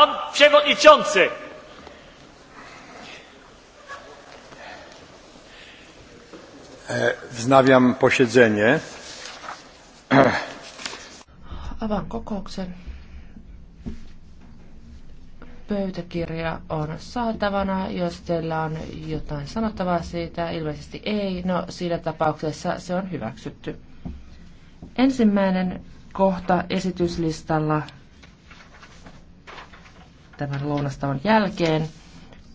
Pan przewodniczący! E, wznawiam posiedzenie. Avaan kokouksen. Pöytäkirja on saatavana, jos teillä on jotain sanottavaa siitä. Ilmeisesti ei. No, siinä tapauksessa se on hyväksytty. Ensimmäinen kohta esityslistalla tämän lounastavan jälkeen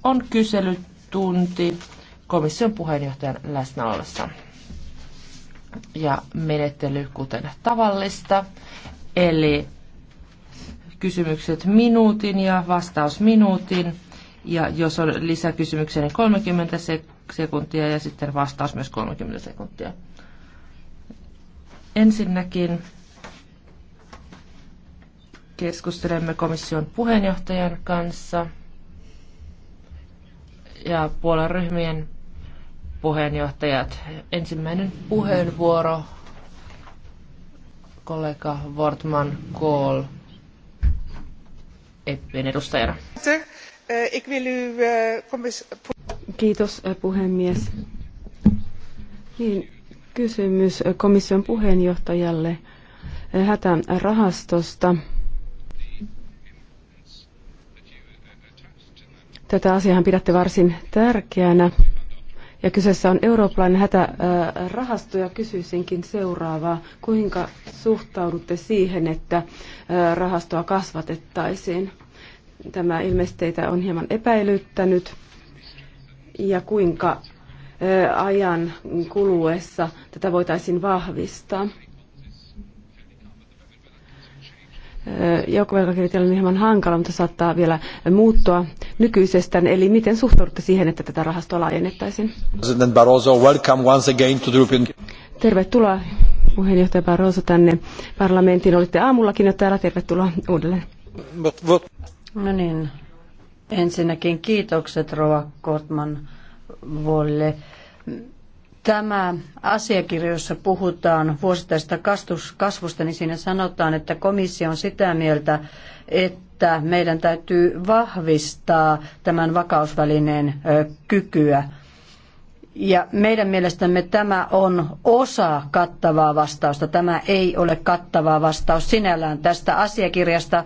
on kyselytunti komission puheenjohtajan läsnä ollessa. Ja menettely kuten tavallista, eli kysymykset minuutin ja vastaus minuutin. Ja jos on lisäkysymyksiä, niin 30 sekuntia ja sitten vastaus myös 30 sekuntia. Ensinnäkin keskustelemme komission puheenjohtajan kanssa ja puolen ryhmien puheenjohtajat. Ensimmäinen puheenvuoro kollega Wortman Kohl, EPPn edustajana. Kiitos puhemies. Niin, kysymys komission puheenjohtajalle hätärahastosta. rahastosta Tätä asiaa pidätte varsin tärkeänä. Ja kyseessä on eurooppalainen hätärahasto ja kysyisinkin seuraavaa. Kuinka suhtaudutte siihen, että rahastoa kasvatettaisiin? Tämä ilmeisesti teitä on hieman epäilyttänyt. Ja kuinka ajan kuluessa tätä voitaisiin vahvistaa? joukkovelkakirjoittelu on hieman hankala, mutta saattaa vielä muuttua nykyisestä, Eli miten suhtaudutte siihen, että tätä rahastoa laajennettaisiin? President Barroso, welcome once again to the European... Tervetuloa puheenjohtaja Barroso tänne parlamenttiin. Olitte aamullakin jo täällä. Tervetuloa uudelleen. But, but... No niin. Ensinnäkin kiitokset Rova Kortman Volle tämä asiakirja, jossa puhutaan vuosittaisesta kasvusta, niin siinä sanotaan, että komissio on sitä mieltä, että meidän täytyy vahvistaa tämän vakausvälineen kykyä. Ja meidän mielestämme tämä on osa kattavaa vastausta. Tämä ei ole kattavaa vastaus sinällään. Tästä asiakirjasta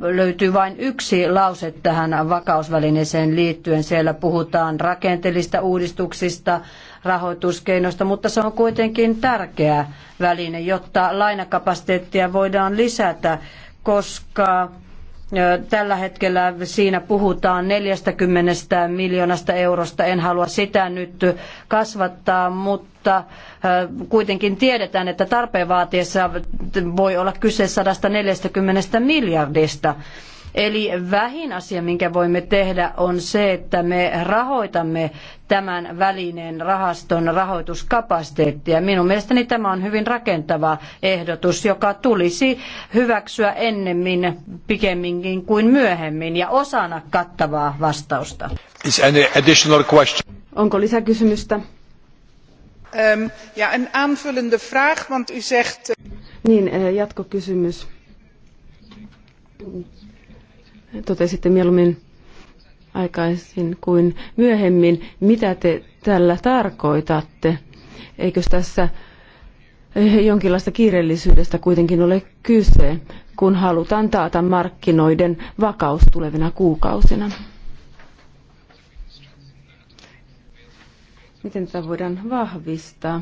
löytyy vain yksi lause tähän vakausvälineeseen liittyen. Siellä puhutaan rakenteellisista uudistuksista, Rahoituskeinoista, mutta se on kuitenkin tärkeä väline, jotta lainakapasiteettia voidaan lisätä, koska Tällä hetkellä siinä puhutaan 40 miljoonasta eurosta. En halua sitä nyt kasvattaa, mutta kuitenkin tiedetään, että tarpeen vaatiessa voi olla kyse 140 miljardista. Eli vähin asia, minkä voimme tehdä, on se, että me rahoitamme tämän välineen rahaston rahoituskapasiteettia. Minun mielestäni tämä on hyvin rakentava ehdotus, joka tulisi hyväksyä ennemmin pikemminkin kuin myöhemmin ja osana kattavaa vastausta. Onko lisäkysymystä? Um, ja, en aanvullende vraag, want u zegt... Eh, niin, eh, jatkokysymys totesitte mieluummin aikaisin kuin myöhemmin, mitä te tällä tarkoitatte. Eikös tässä eh, jonkinlaista kiireellisyydestä kuitenkin ole kyse, kun halutaan taata markkinoiden vakaus tulevina kuukausina? Miten tätä voidaan vahvistaa?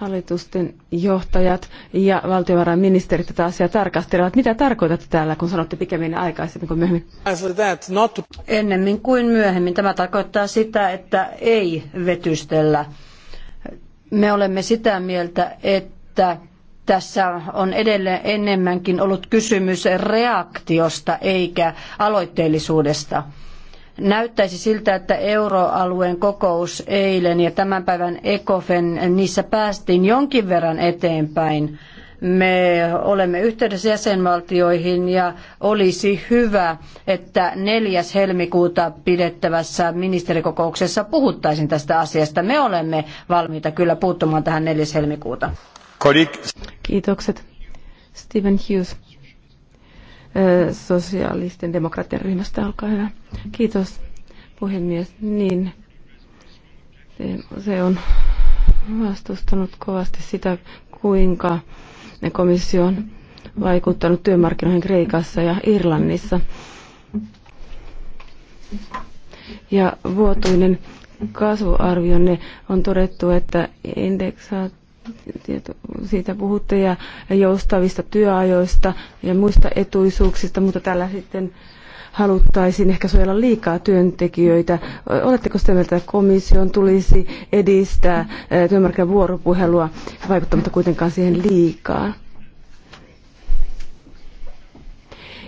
hallitusten johtajat ja valtiovarainministerit tätä asiaa tarkastelevat. Mitä tarkoitatte täällä, kun sanotte pikemmin aikaisemmin kuin myöhemmin? Ennemmin kuin myöhemmin. Tämä tarkoittaa sitä, että ei vetystellä. Me olemme sitä mieltä, että tässä on edelleen enemmänkin ollut kysymys reaktiosta eikä aloitteellisuudesta näyttäisi siltä, että euroalueen kokous eilen ja tämän päivän ECOFEN, niissä päästiin jonkin verran eteenpäin. Me olemme yhteydessä jäsenvaltioihin ja olisi hyvä, että 4. helmikuuta pidettävässä ministerikokouksessa puhuttaisiin tästä asiasta. Me olemme valmiita kyllä puuttumaan tähän 4. helmikuuta. Kodik. Kiitokset. Stephen Hughes sosiaalisten demokraattien ryhmästä, olkaa hyvä. Kiitos puhemies. Niin, se on vastustanut kovasti sitä, kuinka komissio on vaikuttanut työmarkkinoihin Kreikassa ja Irlannissa. Ja vuotuinen kasvuarvionne on todettu, että indeksaat tieto, siitä puhutte ja joustavista työajoista ja muista etuisuuksista, mutta tällä sitten haluttaisiin ehkä suojella liikaa työntekijöitä. Oletteko sitä mieltä, että komission tulisi edistää vuoropuhelua vaikuttamatta kuitenkaan siihen liikaa?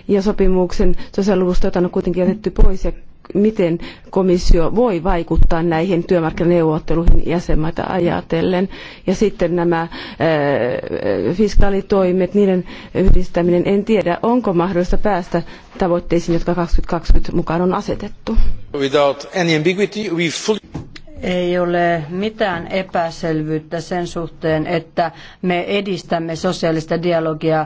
Ja sopimuksen sosiaaliluvusta, jota on kuitenkin jätetty pois ja miten komissio voi vaikuttaa näihin työmarkkinaneuvotteluihin jäsenmaita ajatellen. Ja sitten nämä ää, äh, fiskaalitoimet, niiden yhdistäminen, en tiedä, onko mahdollista päästä tavoitteisiin, jotka 2020 mukaan on asetettu. Without any ambiguity, we fully ei ole mitään epäselvyyttä sen suhteen, että me edistämme sosiaalista dialogia,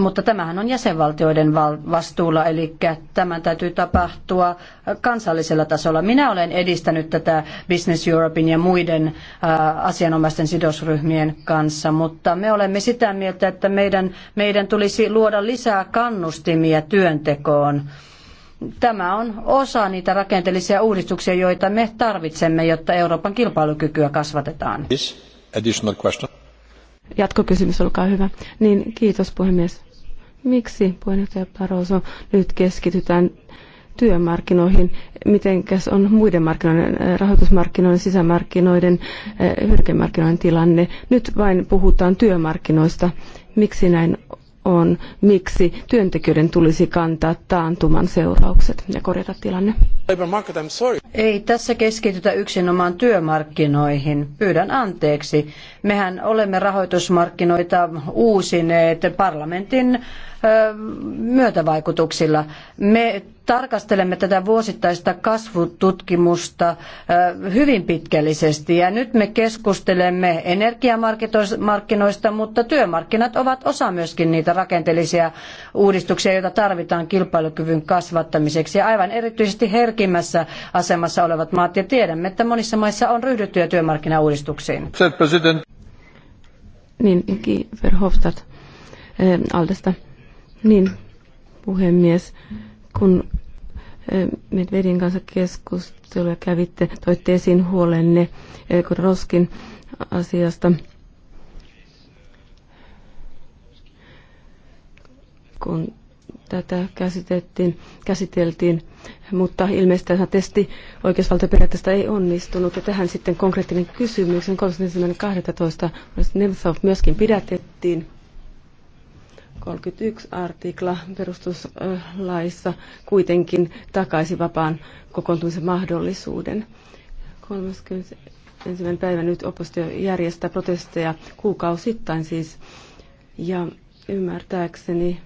mutta tämähän on jäsenvaltioiden vastuulla, eli tämän täytyy tapahtua kansallisella tasolla. Minä olen edistänyt tätä Business Europein ja muiden asianomaisten sidosryhmien kanssa, mutta me olemme sitä mieltä, että meidän, meidän tulisi luoda lisää kannustimia työntekoon. Tämä on osa niitä rakenteellisia uudistuksia, joita me tarvitsemme, jotta Euroopan kilpailukykyä kasvatetaan. Jatkokysymys, olkaa hyvä. Niin, kiitos puhemies. Miksi puheenjohtaja Barroso nyt keskitytään työmarkkinoihin? Mitenkäs on muiden markkinoiden, eh, rahoitusmarkkinoiden, sisämarkkinoiden, eh, hyrkemarkkinoiden tilanne? Nyt vain puhutaan työmarkkinoista. Miksi näin on, miksi työntekijöiden tulisi kantaa taantuman seuraukset ja korjata tilanne. Ei tässä keskitytä yksinomaan työmarkkinoihin. Pyydän anteeksi. Mehän olemme rahoitusmarkkinoita uusineet parlamentin myötävaikutuksilla. Me tarkastelemme tätä vuosittaista kasvututkimusta hyvin pitkällisesti ja nyt me keskustelemme energiamarkkinoista, mutta työmarkkinat ovat osa myöskin niitä rakenteellisia uudistuksia, joita tarvitaan kilpailukyvyn kasvattamiseksi ja aivan erityisesti herkimmässä asemassa olevat maat ja tiedämme, että monissa maissa on ryhdytty jo työmarkkinauudistuksiin. Niin, Verhofstadt eh, Aldesta. Niin, puhemies, kun Medvedin kanssa keskustelua kävitte, toitte esiin huolenne Roskin asiasta. kun tätä käsiteltiin, käsiteltiin, mutta ilmeisesti tämä testi oikeusvaltioperiaatteesta ei onnistunut. Ja tähän sitten konkreettinen kysymys. 31.12. myöskin pidätettiin. 31 artikla perustuslaissa kuitenkin takaisi vapaan kokoontumisen mahdollisuuden. 31. päivä nyt oppositio järjestää protesteja kuukausittain siis. Ja ymmärtääkseni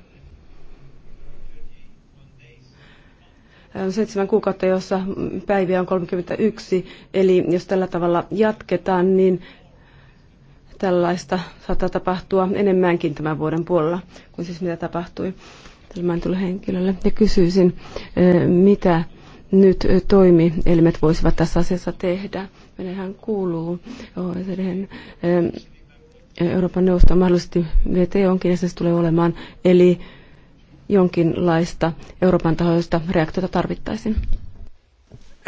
on äh, seitsemän kuukautta, jossa päiviä on 31, eli jos tällä tavalla jatketaan, niin Tällaista saattaa tapahtua enemmänkin tämän vuoden puolella kuin siis mitä tapahtui tämän tulee henkilölle. Ja kysyisin, mitä nyt toimielimet voisivat tässä asiassa tehdä. Meillähän kuuluu OECDn Euroopan neuvosto mahdollisesti VT onkin ja se siis tulee olemaan. Eli jonkinlaista Euroopan tahoista reaktiota tarvittaisiin.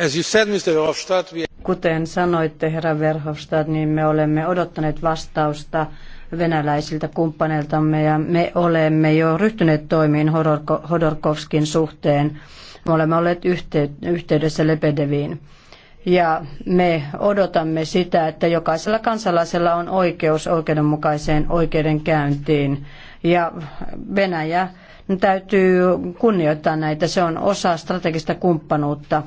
As you said, Mr. Hofstadt, we... Kuten sanoitte, herra Verhofstadt, niin me olemme odottaneet vastausta venäläisiltä kumppaneiltamme ja me olemme jo ryhtyneet toimiin Hodorkovskin suhteen. Me olemme olleet yhteydessä Lepedeviin. Ja me odotamme sitä, että jokaisella kansalaisella on oikeus oikeudenmukaiseen oikeudenkäyntiin. Ja Venäjä täytyy kunnioittaa näitä. Se on osa strategista kumppanuutta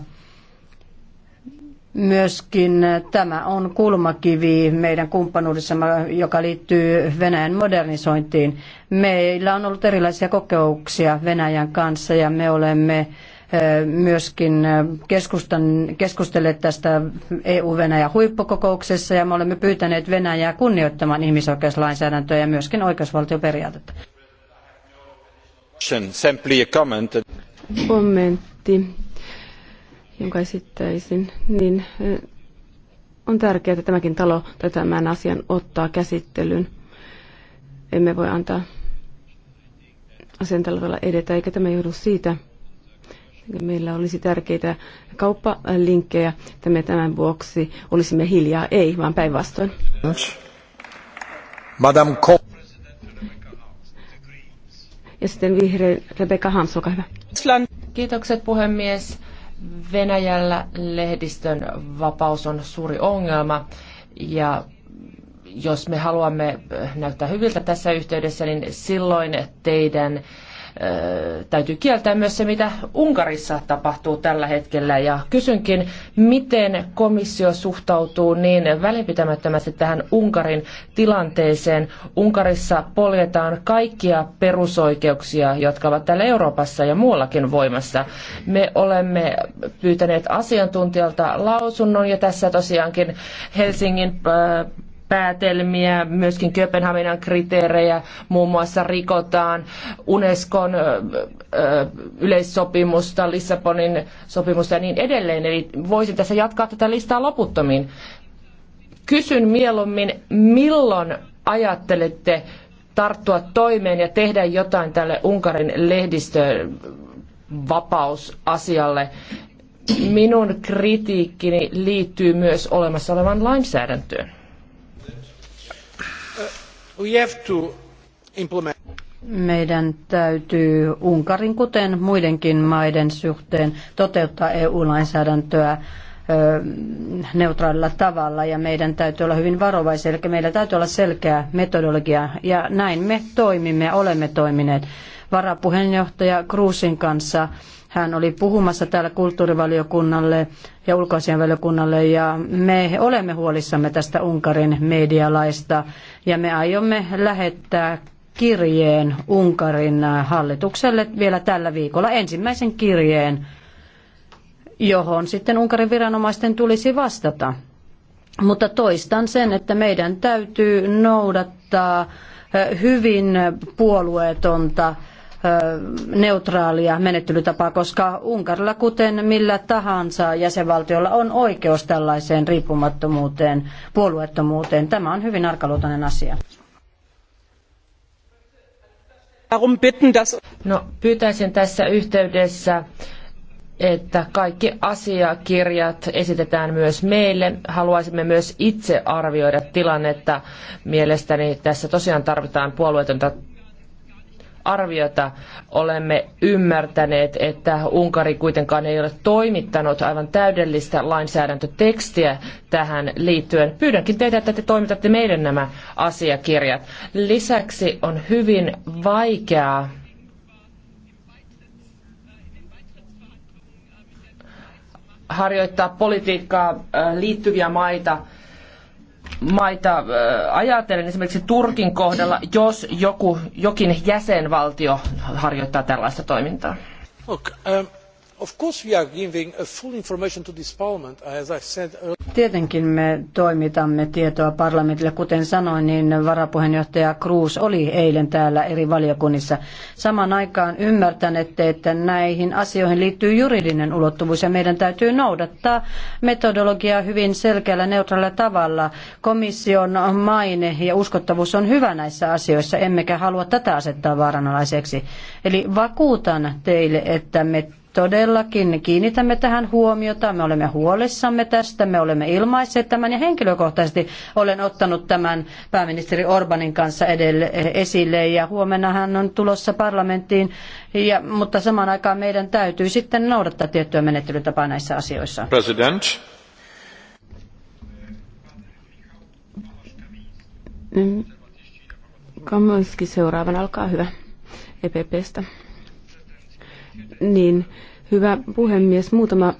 Myöskin tämä on kulmakivi meidän kumppanuudessamme, joka liittyy Venäjän modernisointiin. Meillä on ollut erilaisia kokemuksia Venäjän kanssa ja me olemme eh, myöskin eh, keskustelleet tästä EU-Venäjä huippukokouksessa ja me olemme pyytäneet Venäjää kunnioittamaan ihmisoikeuslainsäädäntöä ja myöskin oikeusvaltioperiaatetta. Kommentti jonka esittäisin, niin eh, on tärkeää, että tämäkin talo tätä tämän asian ottaa käsittelyyn. Emme voi antaa asian tällä tavalla edetä, eikä tämä johdu siitä, että meillä olisi tärkeitä kauppalinkkejä, että me tämän vuoksi olisimme hiljaa, ei, vaan päinvastoin. Madame Ko- ja sitten vihreä Rebecca Hans, olkaa hyvä. Kiitokset puhemies. Venäjällä lehdistön vapaus on suuri ongelma ja jos me haluamme eh, näyttää hyviltä tässä yhteydessä, niin silloin teidän täytyy kieltää myös se, mitä Unkarissa tapahtuu tällä hetkellä. Ja kysynkin, miten komissio suhtautuu niin välinpitämättömästi tähän Unkarin tilanteeseen. Unkarissa poljetaan kaikkia perusoikeuksia, jotka ovat täällä Euroopassa ja muuallakin voimassa. Me olemme pyytäneet asiantuntijalta lausunnon ja tässä tosiaankin Helsingin päätelmiä, myöskin Kööpenhaminan kriteerejä muun muassa rikotaan, Unescon yleissopimusta, Lissabonin sopimusta ja niin edelleen. Eli voisin tässä jatkaa tätä listaa loputtomiin. Kysyn mieluummin, milloin ajattelette tarttua toimeen ja tehdä jotain tälle Unkarin lehdistön vapausasialle. Minun kritiikkini liittyy myös olemassa olevaan lainsäädäntöön. Meidän täytyy Unkarin, kuten muidenkin maiden suhteen, toteuttaa EU-lainsäädäntöä neutraalilla tavalla ja meidän täytyy olla hyvin varovaisia, eli meillä täytyy olla selkeä metodologia ja näin me toimimme ja olemme toimineet. Varapuheenjohtaja Kruusin kanssa hän oli puhumassa täällä kulttuurivaliokunnalle ja ulkoasianvaliokunnalle ja me olemme huolissamme tästä Unkarin medialaista ja me aiomme lähettää kirjeen Unkarin hallitukselle vielä tällä viikolla, ensimmäisen kirjeen, johon sitten Unkarin viranomaisten tulisi vastata. Mutta toistan sen, että meidän täytyy noudattaa hyvin puolueetonta neutraalia menettelytapaa, koska Unkarilla, kuten millä tahansa jäsenvaltiolla, on oikeus tällaiseen riippumattomuuteen, puolueettomuuteen. Tämä on hyvin arkaluutainen asia. No, pyytäisin tässä yhteydessä että kaikki asiakirjat esitetään myös meille. Haluaisimme myös itse arvioida tilannetta. Mielestäni tässä tosiaan tarvitaan puolueetonta arviota. Olemme ymmärtäneet, että Unkari kuitenkaan ei ole toimittanut aivan täydellistä lainsäädäntötekstiä tähän liittyen. Pyydänkin teitä, että te toimitatte meidän nämä asiakirjat. Lisäksi on hyvin vaikeaa harjoittaa politiikkaa äh, liittyviä maita – maita ajatellen, esimerkiksi Turkin kohdalla, jos joku, jokin jäsenvaltio harjoittaa tällaista toimintaa? Look, um, Tietenkin me toimitamme tietoa parlamentille. Kuten sanoin, niin varapuheenjohtaja Cruz oli eilen täällä eri valiokunnissa. Samaan aikaan ymmärtänette, että näihin asioihin liittyy juridinen ulottuvuus ja meidän täytyy noudattaa metodologiaa hyvin selkeällä neutraalilla tavalla. Komission maine ja uskottavuus on hyvä näissä asioissa, emmekä halua tätä asettaa vaaranalaiseksi. Eli vakuutan teille, että me todellakin kiinnitämme tähän huomiota, me olemme huolissamme tästä, me olemme ilmaisseet tämän ja henkilökohtaisesti olen ottanut tämän pääministeri Orbanin kanssa edelle, esille ja huomenna hän on tulossa parlamenttiin, ja, mutta samaan aikaan meidän täytyy sitten noudattaa tiettyä menettelytapaa näissä asioissa. President. Mm. Kamanski seuraavan alkaa hyvä. EPPstä. Niin, hyvä puhemies, muutama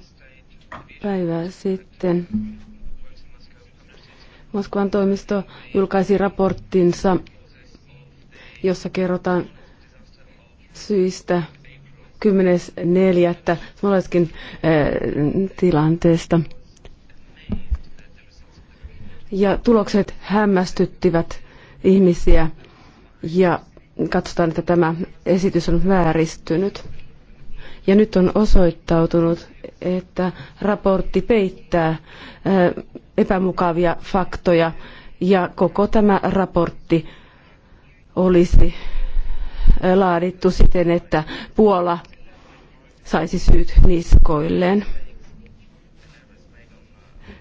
päivä sitten Moskovan toimisto julkaisi raporttinsa, jossa kerrotaan syistä 10.4. Smolenskin eh, tilanteesta. Ja tulokset hämmästyttivät ihmisiä ja katsotaan, että tämä esitys on vääristynyt. Ja nyt on osoittautunut, että raportti peittää epämukavia faktoja ja koko tämä raportti olisi laadittu siten, että Puola saisi syyt niskoilleen.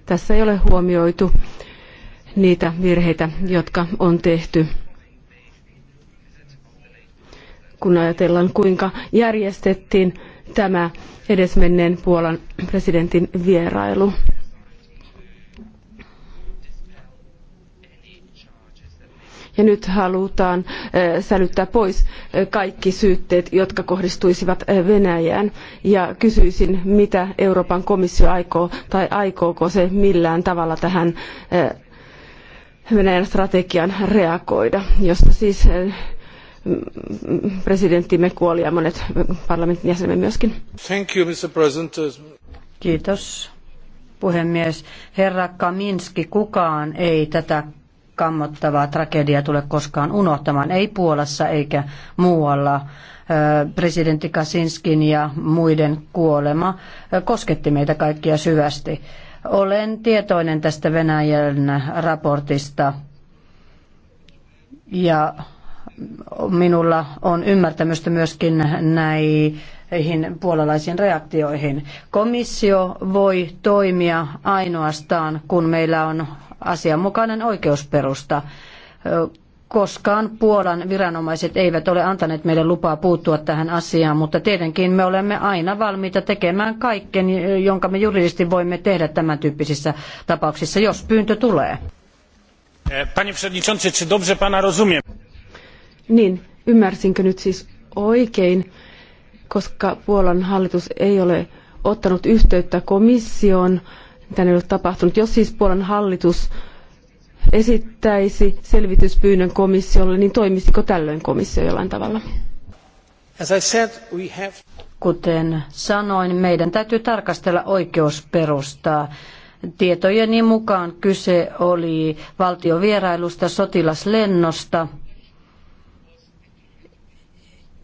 Tässä ei ole huomioitu niitä virheitä, jotka on tehty. Kun ajatellaan, kuinka järjestettiin tämä edesmenneen Puolan presidentin vierailu. ja nyt halutaan eh, sälyttää pois eh, kaikki syytteet, jotka kohdistuisivat eh, Venäjään. Ja kysyisin, mitä Euroopan komissio aikoo, tai aikooko se millään tavalla tähän Venäjän strategian reagoida, josta siis presidenttimme kuoli ja monet parlamentin jäsenemme myöskin. Thank you, Mr. President. Kiitos, puhemies. Herra Kaminski, kukaan ei tätä kammottavaa tragediaa tule koskaan unohtamaan, ei Puolassa eikä muualla. Presidentti Kasinskin ja muiden kuolema kosketti meitä kaikkia syvästi. Olen tietoinen tästä Venäjän raportista ja minulla on ymmärtämystä myöskin näihin puolalaisiin reaktioihin. Komissio voi toimia ainoastaan, kun meillä on asianmukainen oikeusperusta. Koskaan Puolan viranomaiset eivät ole antaneet meille lupaa puuttua tähän asiaan, mutta tietenkin me olemme aina valmiita tekemään kaiken, jonka me juridisesti voimme tehdä tämän tyyppisissä tapauksissa, jos pyyntö tulee. Panie przewodniczący, czy dobrze pana rozumiem? Niin, ymmärsinkö nyt siis oikein, koska Puolan hallitus ei ole ottanut yhteyttä komissioon, mitä ei ole tapahtunut. Jos siis Puolan hallitus esittäisi selvityspyynnön komissiolle, niin toimisiko tällöin komissio jollain tavalla? Kuten sanoin, meidän täytyy tarkastella oikeusperustaa. Tietojeni mukaan kyse oli valtiovierailusta, sotilaslennosta –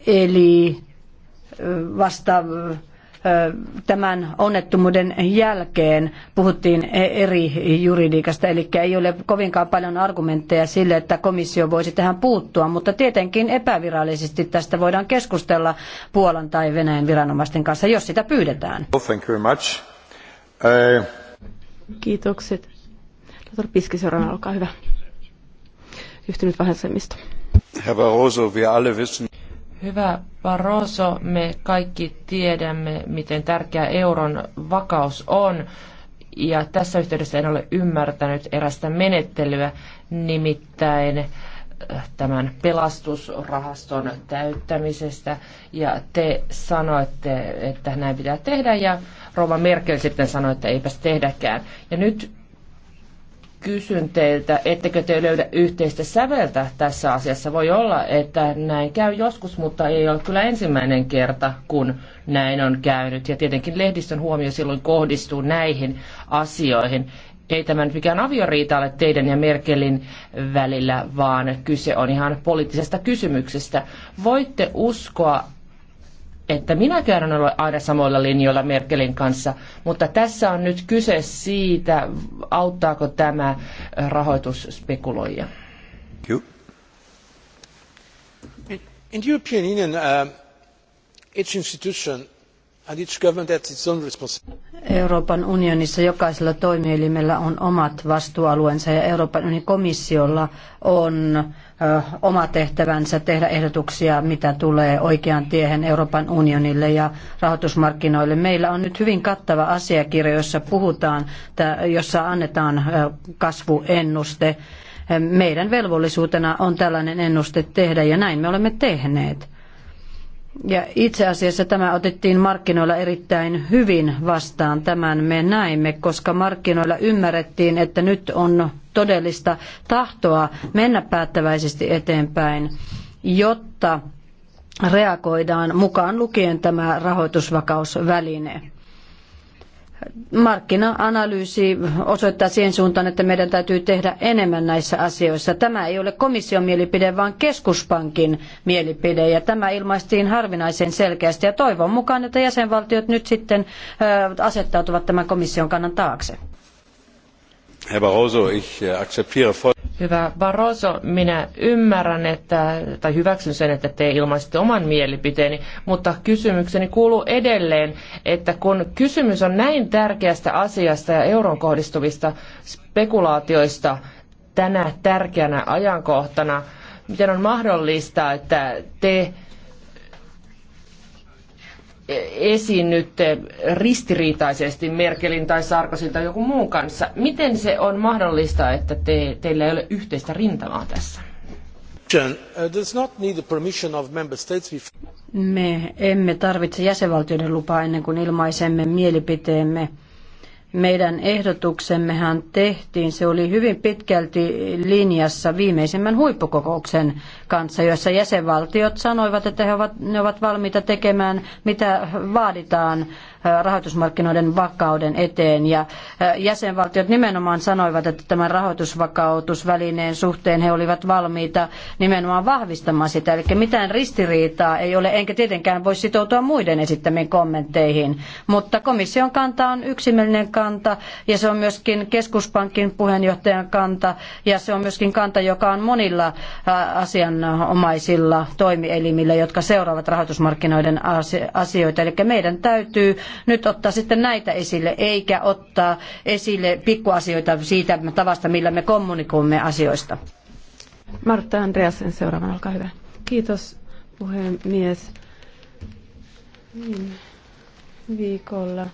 eli vasta tämän onnettomuuden jälkeen puhuttiin e- eri juridiikasta, eli ei ole kovinkaan paljon argumentteja sille, että komissio voisi tähän puuttua, mutta tietenkin epävirallisesti tästä voidaan keskustella Puolan tai Venäjän viranomaisten kanssa, jos sitä pyydetään. Thank you much. Eh, Kiitokset. Dr. Piski, olkaa hyvä. Yhtynyt vähäisemmistä. Herr Barroso, wir alle wissen... Hyvä Barroso, me kaikki tiedämme, miten tärkeä euron vakaus on. Ja tässä yhteydessä en ole ymmärtänyt erästä menettelyä, nimittäin äh, tämän pelastusrahaston täyttämisestä. Ja te sanoitte, että näin pitää tehdä ja Rova Merkel sitten sanoi, että eipäs tehdäkään. Ja nyt kysyn teiltä, ettekö te löydä yhteistä säveltä tässä asiassa. Voi olla, että näin käy joskus, mutta ei ole kyllä ensimmäinen kerta, kun näin on käynyt. Ja tietenkin lehdistön huomio silloin kohdistuu näihin asioihin. Ei tämä nyt mikään avioriita ole teidän ja Merkelin välillä, vaan kyse on ihan poliittisesta kysymyksestä. Voitte uskoa, että minäkään en ole aina samoilla linjoilla Merkelin kanssa, mutta tässä on nyt kyse siitä, auttaako tämä rahoitusspekuloija. Kiitos. In the European Union, uh, its institution Euroopan unionissa jokaisella toimielimellä on omat vastuualueensa ja Euroopan unionin komissiolla on oma tehtävänsä tehdä ehdotuksia, mitä tulee oikeaan tiehen Euroopan unionille ja rahoitusmarkkinoille. Meillä on nyt hyvin kattava asiakirja, jossa puhutaan, jossa annetaan kasvuennuste. Meidän velvollisuutena on tällainen ennuste tehdä ja näin me olemme tehneet ja itse asiassa tämä otettiin markkinoilla erittäin hyvin vastaan. Tämän me näimme, koska markkinoilla ymmärrettiin, että nyt on todellista tahtoa mennä päättäväisesti eteenpäin, jotta reagoidaan mukaan lukien tämä rahoitusvakausväline markkina-analyysi osoittaa siihen suuntaan, että meidän täytyy tehdä enemmän näissä asioissa. Tämä ei ole komission mielipide, vaan keskuspankin mielipide, ja tämä ilmaistiin harvinaisen selkeästi, ja toivon mukaan, että jäsenvaltiot nyt sitten asettautuvat tämän komission kannan taakse. Herr Barroso, ich äh, akzeptiere voll Hyvä Barroso, minä ymmärrän, että, tai hyväksyn sen, että te ilmaisitte oman mielipiteeni, mutta kysymykseni kuuluu edelleen, että kun kysymys on näin tärkeästä asiasta ja euron kohdistuvista spekulaatioista tänä tärkeänä ajankohtana, miten on mahdollista, että te esiinnytte ristiriitaisesti Merkelin tai Sarkosin tai joku muun kanssa. Miten se on mahdollista, että te, teillä ei ole yhteistä rintamaa tässä? Uh, Me emme tarvitse jäsenvaltioiden lupaa ennen kuin ilmaisemme mielipiteemme. Meidän ehdotuksemmehan tehtiin, se oli hyvin pitkälti linjassa viimeisimmän huippukokouksen kanssa, joissa jäsenvaltiot sanoivat, että he ovat, ne ovat valmiita tekemään, mitä vaaditaan rahoitusmarkkinoiden vakauden eteen. Ja jäsenvaltiot nimenomaan sanoivat, että tämän rahoitusvakautusvälineen suhteen he olivat valmiita nimenomaan vahvistamaan sitä. Eli mitään ristiriitaa ei ole, enkä tietenkään voi sitoutua muiden esittämiin kommentteihin. Mutta komission kanta on yksimielinen kanta, ja se on myöskin keskuspankin puheenjohtajan kanta, ja se on myöskin kanta, joka on monilla asian omaisilla toimielimillä, jotka seuraavat rahoitusmarkkinoiden asioita. Eli meidän täytyy nyt ottaa sitten näitä esille, eikä ottaa esille pikkuasioita siitä tavasta, millä me kommunikoimme asioista. Martta Andreasen seuraavana, olkaa hyvä. Kiitos puhemies. Niin, viikolla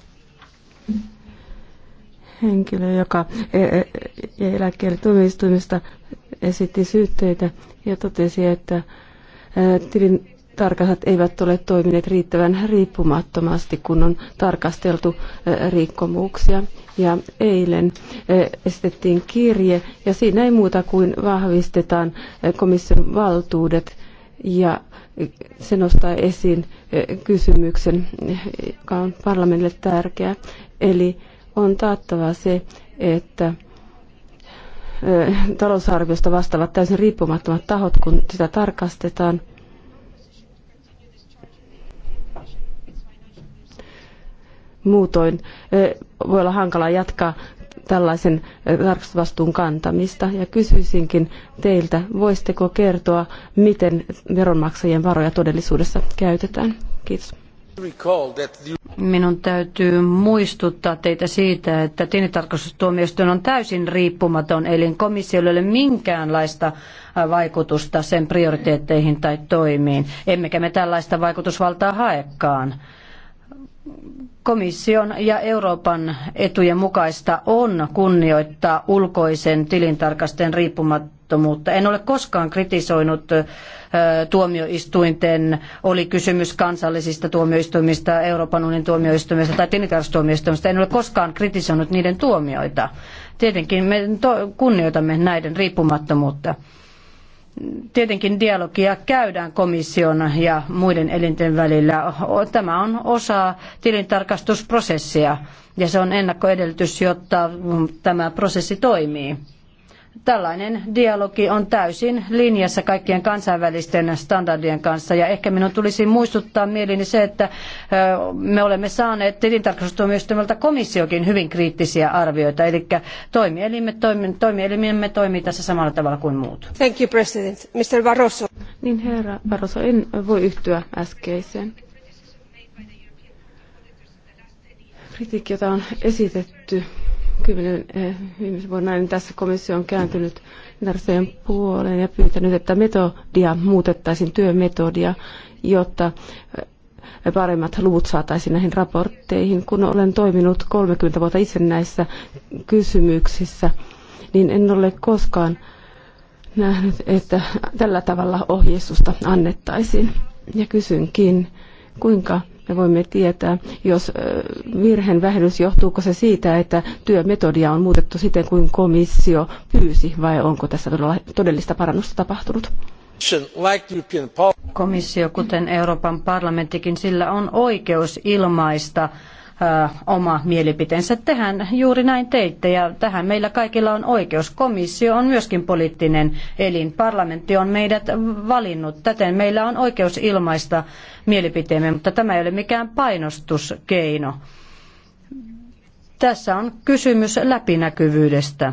henkilö, joka ei e- e- eläkkeelle tuomioistuimesta esitti syytteitä ja totesi, että tilin tarkastajat eivät ole toimineet riittävän riippumattomasti, kun on tarkasteltu rikkomuksia. Ja eilen esitettiin kirje, ja siinä ei muuta kuin vahvistetaan komission valtuudet, ja se nostaa esiin kysymyksen, joka on parlamentille tärkeä. Eli on taattava se, että talousarviosta vastaavat täysin riippumattomat tahot, kun sitä tarkastetaan. Muutoin voi olla hankala jatkaa tällaisen tarkastusvastuun kantamista. Ja kysyisinkin teiltä, voisitteko kertoa, miten veronmaksajien varoja todellisuudessa käytetään? Kiitos. Minun täytyy muistuttaa teitä siitä, että tilintarkastustuomioistuin on täysin riippumaton, eli komissiolle ei ole minkäänlaista äh, vaikutusta sen prioriteetteihin tai toimiin, emmekä me tällaista vaikutusvaltaa haekaan komission ja Euroopan etujen mukaista on kunnioittaa ulkoisen tilintarkasten riippumattomuutta riippumattomuutta. En ole koskaan kritisoinut tuomioistuinten, oli kysymys kansallisista tuomioistuimista, Euroopan unionin tuomioistuimista tai tilintarkastustuomioistuimista. En ole koskaan kritisoinut niiden tuomioita. Tietenkin me kunnioitamme näiden riippumattomuutta. Tietenkin dialogia käydään komission ja muiden elinten välillä. Tämä on osa tilintarkastusprosessia ja se on ennakkoedellytys, jotta tämä prosessi toimii. Tällainen dialogi on täysin linjassa kaikkien kansainvälisten standardien kanssa ja ehkä minun tulisi muistuttaa mieliini se, että me olemme saaneet tilintarkastustuomioistuimelta komissiokin hyvin kriittisiä arvioita, eli toimielimme, toimi, toimii tässä samalla tavalla kuin muut. Thank you, President. Mr. Barroso. Niin herra Barroso, en voi yhtyä äskeiseen. Kritiikki, jota on esitetty kymmenen eh, viimeisen vuonna, niin tässä komissio on kääntynyt tarpeen puoleen ja pyytänyt, että metodia muutettaisiin, työmetodia, jotta eh, paremmat luvut saataisiin näihin raportteihin. Kun olen toiminut 30 vuotta itse näissä kysymyksissä, niin en ole koskaan nähnyt, että tällä tavalla ohjeistusta annettaisiin. Ja kysynkin, kuinka me voimme tietää, jos virheen vähennys johtuuko se siitä, että työmetodia on muutettu siten kuin komissio pyysi, vai onko tässä todellista parannusta tapahtunut? Komissio, kuten Euroopan parlamenttikin, sillä on oikeus ilmaista oma mielipiteensä. Tehän juuri näin teitte ja tähän meillä kaikilla on oikeus. Komissio on myöskin poliittinen elin. Parlamentti on meidät valinnut. Täten meillä on oikeus ilmaista mielipiteemme, mutta tämä ei ole mikään painostuskeino. Tässä on kysymys läpinäkyvyydestä.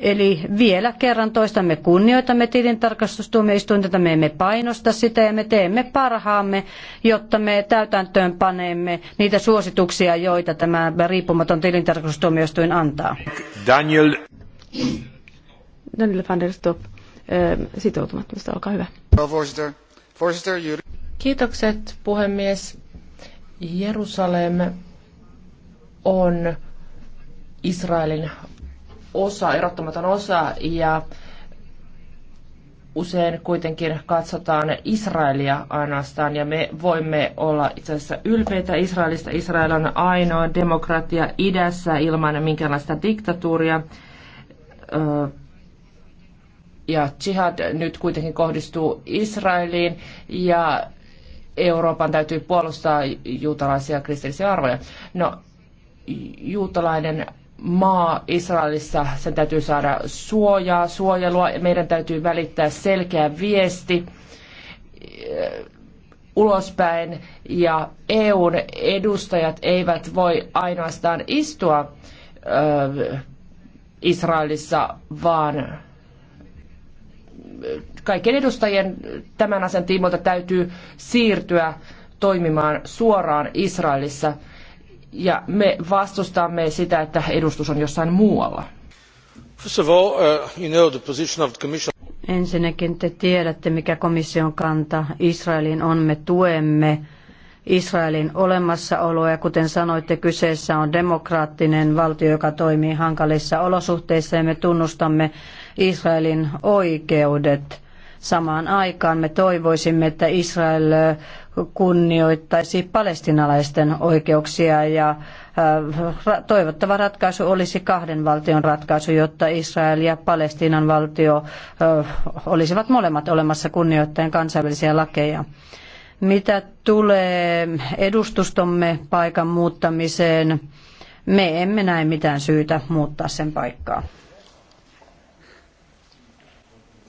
Eli vielä kerran toistamme kunnioitamme tilintarkastustuomioistuinta, me emme painosta sitä ja me teemme parhaamme, jotta me täytäntöön panemme niitä suosituksia, joita tämä riippumaton tilintarkastustuomioistuin antaa. Daniel. Daniel van der Stop, eh, sitoutumattomista, olkaa hyvä. Kiitokset puhemies. Jerusalem on Israelin osa, erottamaton osa ja usein kuitenkin katsotaan Israelia ainoastaan ja me voimme olla itse asiassa ylpeitä Israelista. Israel on ainoa demokratia idässä ilman minkäänlaista diktatuuria. Ja jihad nyt kuitenkin kohdistuu Israeliin ja Euroopan täytyy puolustaa juutalaisia kristillisiä arvoja. No, juutalainen maa Israelissa, sen täytyy saada suojaa, suojelua. Meidän täytyy välittää selkeä viesti eh, ulospäin ja EUn edustajat eivät voi ainoastaan istua eh, Israelissa, vaan eh, kaikkien edustajien tämän asian tiimoilta täytyy siirtyä toimimaan suoraan Israelissa – ja me vastustamme sitä, että edustus on jossain muualla. First of all, uh, you know the position of the commission. Ensinnäkin te tiedätte, mikä komission kanta Israelin on. Me tuemme Israelin olemassaoloa ja kuten sanoitte, kyseessä on demokraattinen valtio, joka toimii hankalissa olosuhteissa ja me tunnustamme Israelin oikeudet. Samaan aikaan me toivoisimme, että Israel kunnioittaisi palestinalaisten oikeuksia ja äh, toivottava ratkaisu olisi kahden valtion ratkaisu, jotta Israel ja Palestiinan valtio äh, olisivat molemmat olemassa kunnioittaen kansainvälisiä lakeja. Mitä tulee edustustomme paikan muuttamiseen, me emme näe mitään syytä muuttaa sen paikkaa.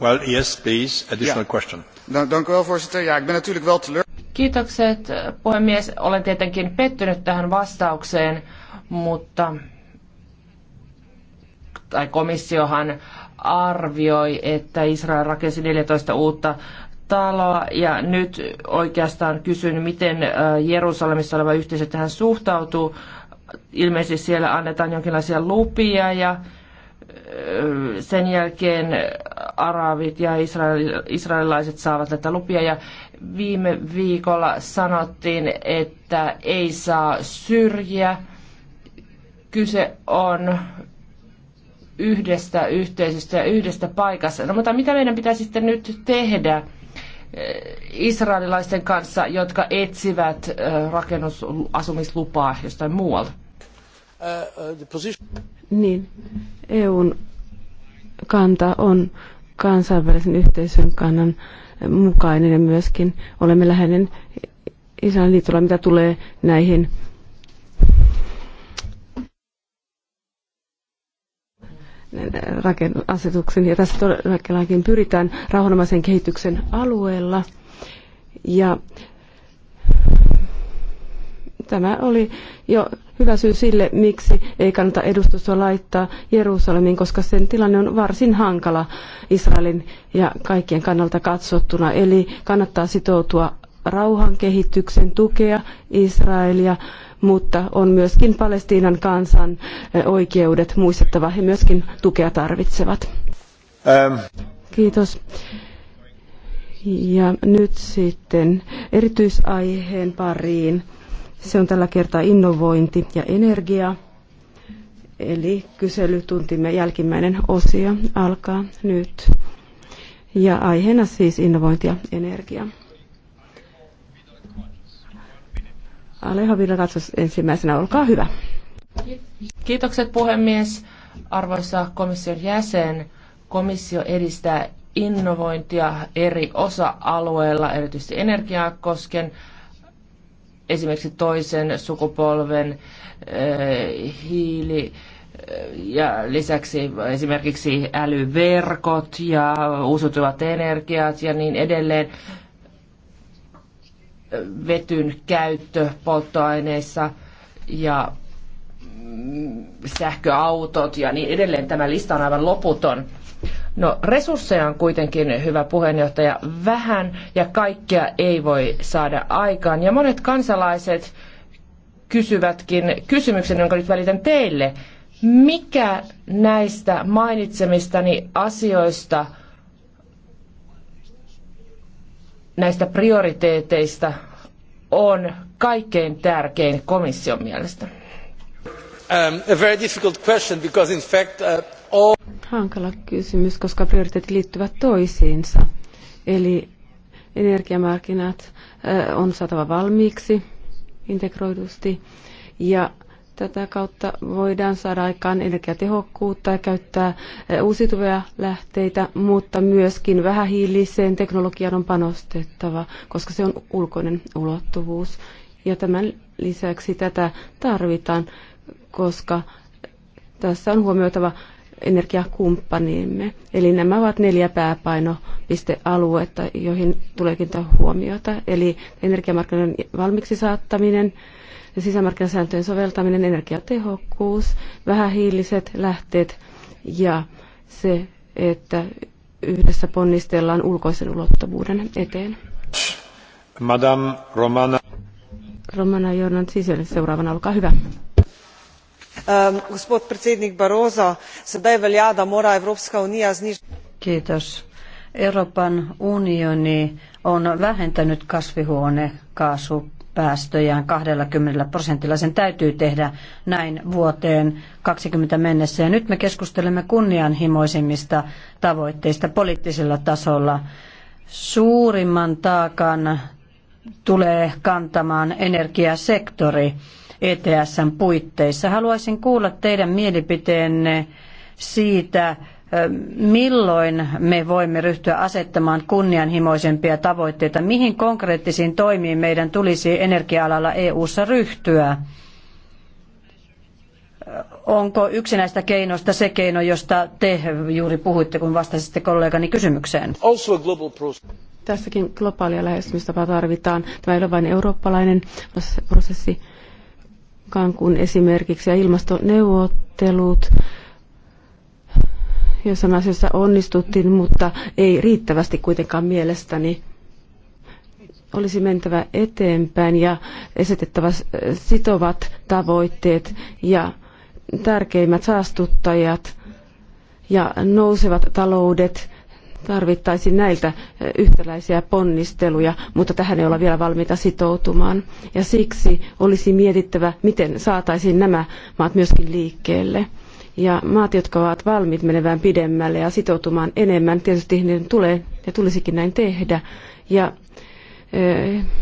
Well, yes, please. Additional yeah. question. dank u wel, voorzitter. Ja, ik ben natuurlijk wel teleur. Kiitokset, puhemies. Olen tietenkin pettynyt tähän vastaukseen, mutta tai komissiohan arvioi, että Israel rakensi 14 uutta taloa ja nyt oikeastaan kysyn, miten Jerusalemissa oleva yhteisö tähän suhtautuu. Ilmeisesti siellä annetaan jonkinlaisia lupia ja sen jälkeen arabit ja israel, israelilaiset saavat näitä lupia ja viime viikolla sanottiin, että ei saa syrjiä. Kyse on yhdestä yhteisöstä ja yhdestä paikasta. No mutta mitä meidän pitäisi sitten nyt tehdä eh, israelilaisten kanssa, jotka etsivät eh, rakennusasumislupaa jostain muualta? Uh, uh, niin EUn kanta on kansainvälisen yhteisön kannan mukainen ja myöskin olemme läheinen Israelin liitolla, mitä tulee näihin rakennusasetuksen ja tässä todellakin pyritään rauhanomaisen kehityksen alueella. Ja Tämä oli jo hyvä syy sille, miksi ei kannata edustusta laittaa Jerusalemiin, koska sen tilanne on varsin hankala Israelin ja kaikkien kannalta katsottuna. Eli kannattaa sitoutua rauhan kehityksen tukea Israelia, mutta on myöskin Palestiinan kansan eh, oikeudet muistettava. He myöskin tukea tarvitsevat. Ähm. Kiitos. Ja nyt sitten erityisaiheen pariin. Se on tällä kertaa innovointi ja energia. Eli kyselytuntimme jälkimmäinen osio alkaa nyt. Ja aiheena siis innovointi ja energia. Aleha katsos ensimmäisenä, olkaa hyvä. Kiitokset puhemies. Arvoisa komission jäsen, komissio edistää innovointia eri osa-alueilla, erityisesti energiaa kosken esimerkiksi toisen sukupolven äh, hiili äh, ja lisäksi esimerkiksi älyverkot ja uusiutuvat energiat ja niin edelleen vetyn käyttö polttoaineissa ja mm, sähköautot ja niin edelleen. Tämä lista on aivan loputon. No resursseja on kuitenkin, hyvä puheenjohtaja, vähän ja kaikkea ei voi saada aikaan. Ja monet kansalaiset kysyvätkin kysymyksen, jonka nyt välitän teille. Mikä näistä mainitsemistani asioista, näistä prioriteeteista on kaikkein tärkein komission mielestä? Um, a very difficult question because in fact uh, all hankala kysymys, koska prioriteetit liittyvät toisiinsa. Eli energiamarkkinat on saatava valmiiksi integroidusti ja tätä kautta voidaan saada aikaan energiatehokkuutta ja käyttää uusiutuvia lähteitä, mutta myöskin vähähiiliseen teknologiaan on panostettava, koska se on ulkoinen ulottuvuus. Ja tämän lisäksi tätä tarvitaan, koska tässä on huomioitava energiakumppaniimme. Eli nämä ovat neljä pääpainopistealuetta, joihin tulee kiinnittää huomiota. Eli energiamarkkinoiden valmiiksi saattaminen, sisämarkkinasääntöjen soveltaminen, energiatehokkuus, vähähiiliset lähteet ja se, että yhdessä ponnistellaan ulkoisen ulottuvuuden eteen. Madame Romana. Romana Jornan sisällä seuraavana, olkaa hyvä. Ehm, gospod predsednik barroso sedaj velja da mora evropska unija znižati. Euroopan unioni on vähentänyt kasvihuonekaasupäästöjään 20 prosentilla. Sen täytyy tehdä näin vuoteen 20 mennessä. Ja nyt me keskustelemme kunnianhimoisimmista tavoitteista poliittisella tasolla. Suurimman taakan tulee kantamaan energiasektori ETSn puitteissa. Haluaisin kuulla teidän mielipiteenne siitä, milloin me voimme ryhtyä asettamaan kunnianhimoisempia tavoitteita, mihin konkreettisiin toimiin meidän tulisi energia-alalla EU-ssa ryhtyä onko yksi näistä keinoista se keino, josta te juuri puhuitte, kun vastasitte kollegani kysymykseen? Tässäkin globaalia lähestymistapaa tarvitaan. Tämä ei ole vain eurooppalainen prosessi, Kankun esimerkiksi ja ilmastoneuvottelut, jossa asiassa onnistuttiin, mutta ei riittävästi kuitenkaan mielestäni olisi mentävä eteenpäin ja esitettävä sitovat tavoitteet ja tärkeimmät saastuttajat ja nousevat taloudet tarvittaisiin näiltä eh, yhtäläisiä ponnisteluja, mutta tähän ei olla vielä valmiita sitoutumaan. Ja siksi olisi mietittävä, miten saataisiin nämä maat myöskin liikkeelle. Ja maat, jotka ovat valmiit menevään pidemmälle ja sitoutumaan enemmän, tietysti niiden tulee ja tulisikin näin tehdä. Ja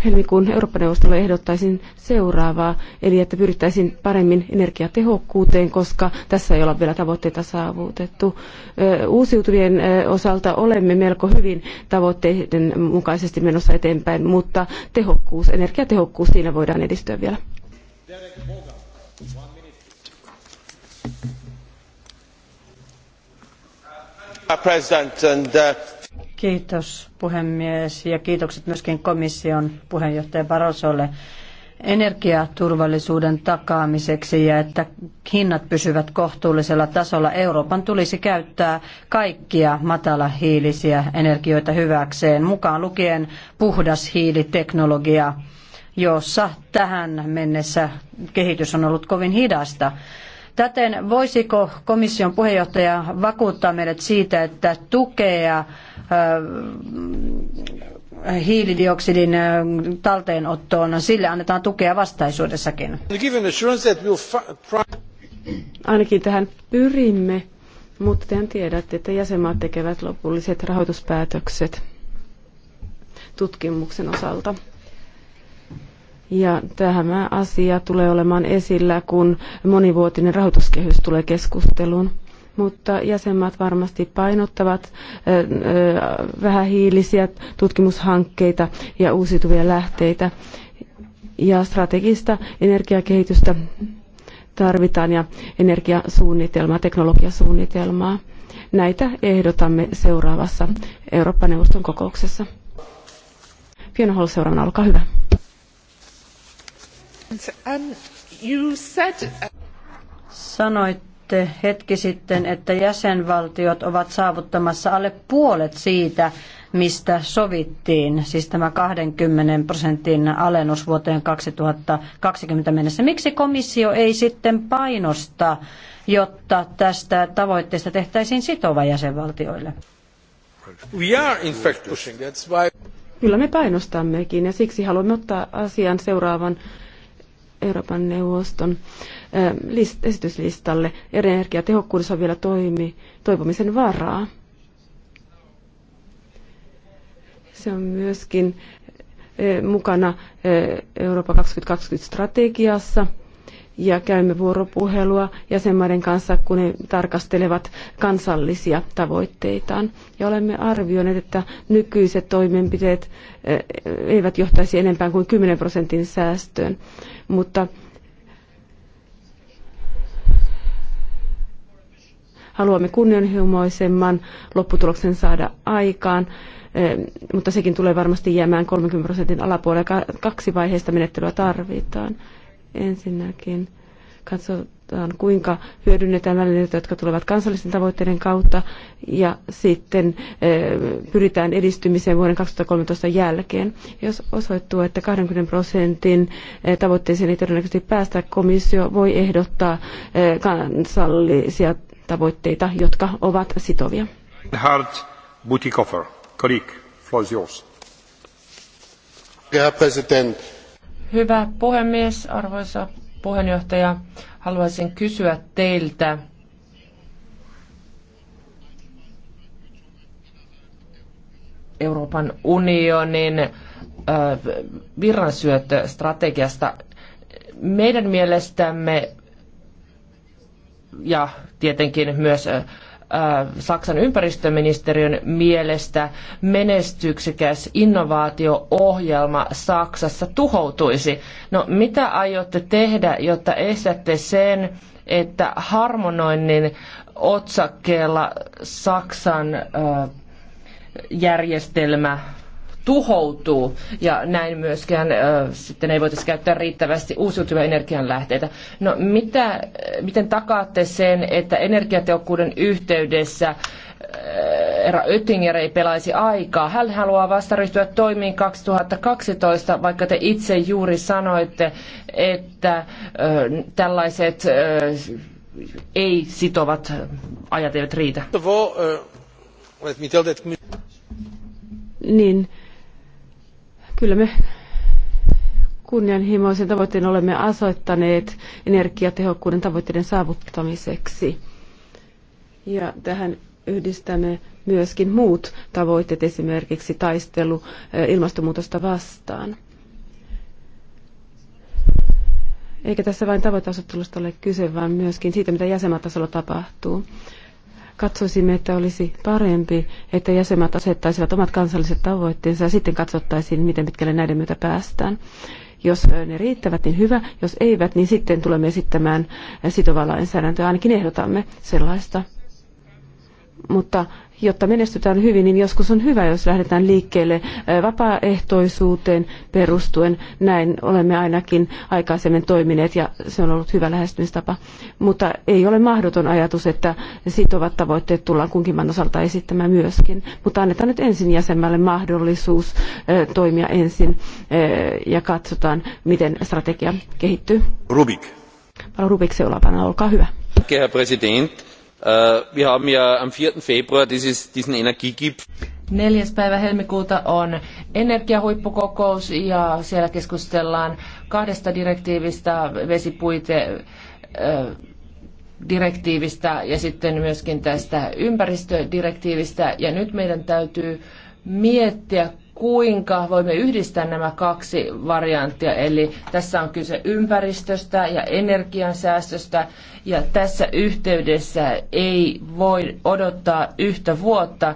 helmikuun Eurooppa-neuvostolle ehdottaisin seuraavaa, eli että pyrittäisiin paremmin energiatehokkuuteen, koska tässä ei olla vielä tavoitteita saavutettu. Uusiutuvien osalta olemme melko hyvin tavoitteiden mukaisesti menossa eteenpäin, mutta tehokkuus, energiatehokkuus, siinä voidaan edistyä vielä. and uh, Kiitos puhemies ja kiitokset myöskin komission puheenjohtaja Barrosolle energiaturvallisuuden takaamiseksi ja että hinnat pysyvät kohtuullisella tasolla. Euroopan tulisi käyttää kaikkia matalahiilisiä energioita hyväkseen, mukaan lukien puhdas hiiliteknologia, jossa tähän mennessä kehitys on ollut kovin hidasta. Täten voisiko komission puheenjohtaja vakuuttaa meidät siitä, että tukea äh, hiilidioksidin äh, talteenottoon, sille annetaan tukea vastaisuudessakin? Ainakin tähän pyrimme, mutta tehän tiedätte, että jäsenmaat tekevät lopulliset rahoituspäätökset tutkimuksen osalta. Ja tämä asia tulee olemaan esillä, kun monivuotinen rahoituskehys tulee keskusteluun. Mutta jäsenmaat varmasti painottavat vähähiilisiä tutkimushankkeita ja uusiutuvia lähteitä. Ja strategista energiakehitystä tarvitaan ja energiasuunnitelmaa, teknologiasuunnitelmaa. Näitä ehdotamme seuraavassa Eurooppa-neuvoston kokouksessa. Fiona Hall, seuraavana, olkaa hyvä. Um, uh, Sanoitte hetki sitten, että jäsenvaltiot ovat saavuttamassa alle puolet siitä, mistä sovittiin, siis tämä 20 prosentin alennus vuoteen 2020 mennessä. Miksi komissio ei sitten painosta, jotta tästä tavoitteesta tehtäisiin sitova jäsenvaltioille? Why... Kyllä me painostammekin ja siksi haluamme ottaa asian seuraavan Euroopan neuvoston esityslistalle. Energiatehokkuudessa on vielä toimi, toivomisen varaa. Se on myöskin mukana Euroopan 2020 strategiassa ja käymme vuoropuhelua jäsenmaiden kanssa, kun ne tarkastelevat kansallisia tavoitteitaan. Ja olemme arvioineet, että nykyiset toimenpiteet eh, eivät johtaisi enempään kuin 10 prosentin säästöön, mutta haluamme kunnianhimoisemman lopputuloksen saada aikaan, eh, mutta sekin tulee varmasti jäämään 30 prosentin alapuolelle. Kaksi vaiheista menettelyä tarvitaan. Ensinnäkin katsotaan, kuinka hyödynnetään välineitä, jotka tulevat kansallisten tavoitteiden kautta, ja sitten eh, pyritään edistymiseen vuoden 2013 jälkeen. Jos osoittuu, että 20 prosentin eh, tavoitteeseen ei todennäköisesti päästä, komissio voi ehdottaa eh, kansallisia tavoitteita, jotka ovat sitovia. Hart Butikoffer, colleague, floor is yours. Herr Präsident! Hyvä puhemies, arvoisa puheenjohtaja. Haluaisin kysyä teiltä, Euroopan unionin virransyöttöstrategiasta. Meidän mielestämme ja tietenkin myös Äh, Saksan ympäristöministeriön mielestä menestyksekäs innovaatio-ohjelma Saksassa tuhoutuisi. No mitä aiotte tehdä, jotta estätte sen, että harmonoinnin otsakkeella Saksan äh, järjestelmä tuhoutuu ja näin myöskään äh, sitten ei voitaisi käyttää riittävästi uusiutuvia energianlähteitä. No mitä, miten takaatte sen, että energiatehokkuuden yhteydessä Herra Oettinger ei pelaisi aikaa. Hän haluaa vasta ryhtyä toimiin 2012, vaikka te itse juuri sanoitte, että tällaiset ei-sitovat ajat eivät riitä. Uh, niin, Kyllä me kunnianhimoisen tavoitteen olemme asoittaneet energiatehokkuuden tavoitteiden saavuttamiseksi. Ja tähän yhdistämme myöskin muut tavoitteet, esimerkiksi taistelu eh, ilmastonmuutosta vastaan. Eikä tässä vain tavoiteasettelusta ole kyse, vaan myöskin siitä, mitä jäsenmaatasolla tapahtuu. Katsoisimme, että olisi parempi, että jäsenmaat asettaisivat omat kansalliset tavoitteensa ja sitten katsottaisiin, miten pitkälle näiden myötä päästään. Jos ne riittävät, niin hyvä. Jos eivät, niin sitten tulemme esittämään sitovaa lainsäädäntöä. Ainakin ehdotamme sellaista. Mutta jotta menestytään hyvin, niin joskus on hyvä, jos lähdetään liikkeelle vapaaehtoisuuteen perustuen. Näin olemme ainakin aikaisemmin toimineet ja se on ollut hyvä lähestymistapa. Mutta ei ole mahdoton ajatus, että sitovat tavoitteet tullaan kunkin maan osalta esittämään myöskin. Mutta annetaan nyt ensin jäsenmälle mahdollisuus toimia ensin ja katsotaan, miten strategia kehittyy. Rubik. Palo Rubik seuraavana, olkaa hyvä. Herr Präsident. Äh, wir haben ja am 4. Februar dieses, diesen Energiegipfel. Neljäs päivä helmikuuta on energiahuippukokous ja siellä keskustellaan kahdesta direktiivistä, vesipuite, äh, direktiivistä ja sitten myöskin tästä ympäristödirektiivistä. Ja nyt meidän täytyy miettiä, kuinka voimme yhdistää nämä kaksi varianttia. Eli tässä on kyse ympäristöstä ja energiansäästöstä ja tässä yhteydessä ei voi odottaa yhtä vuotta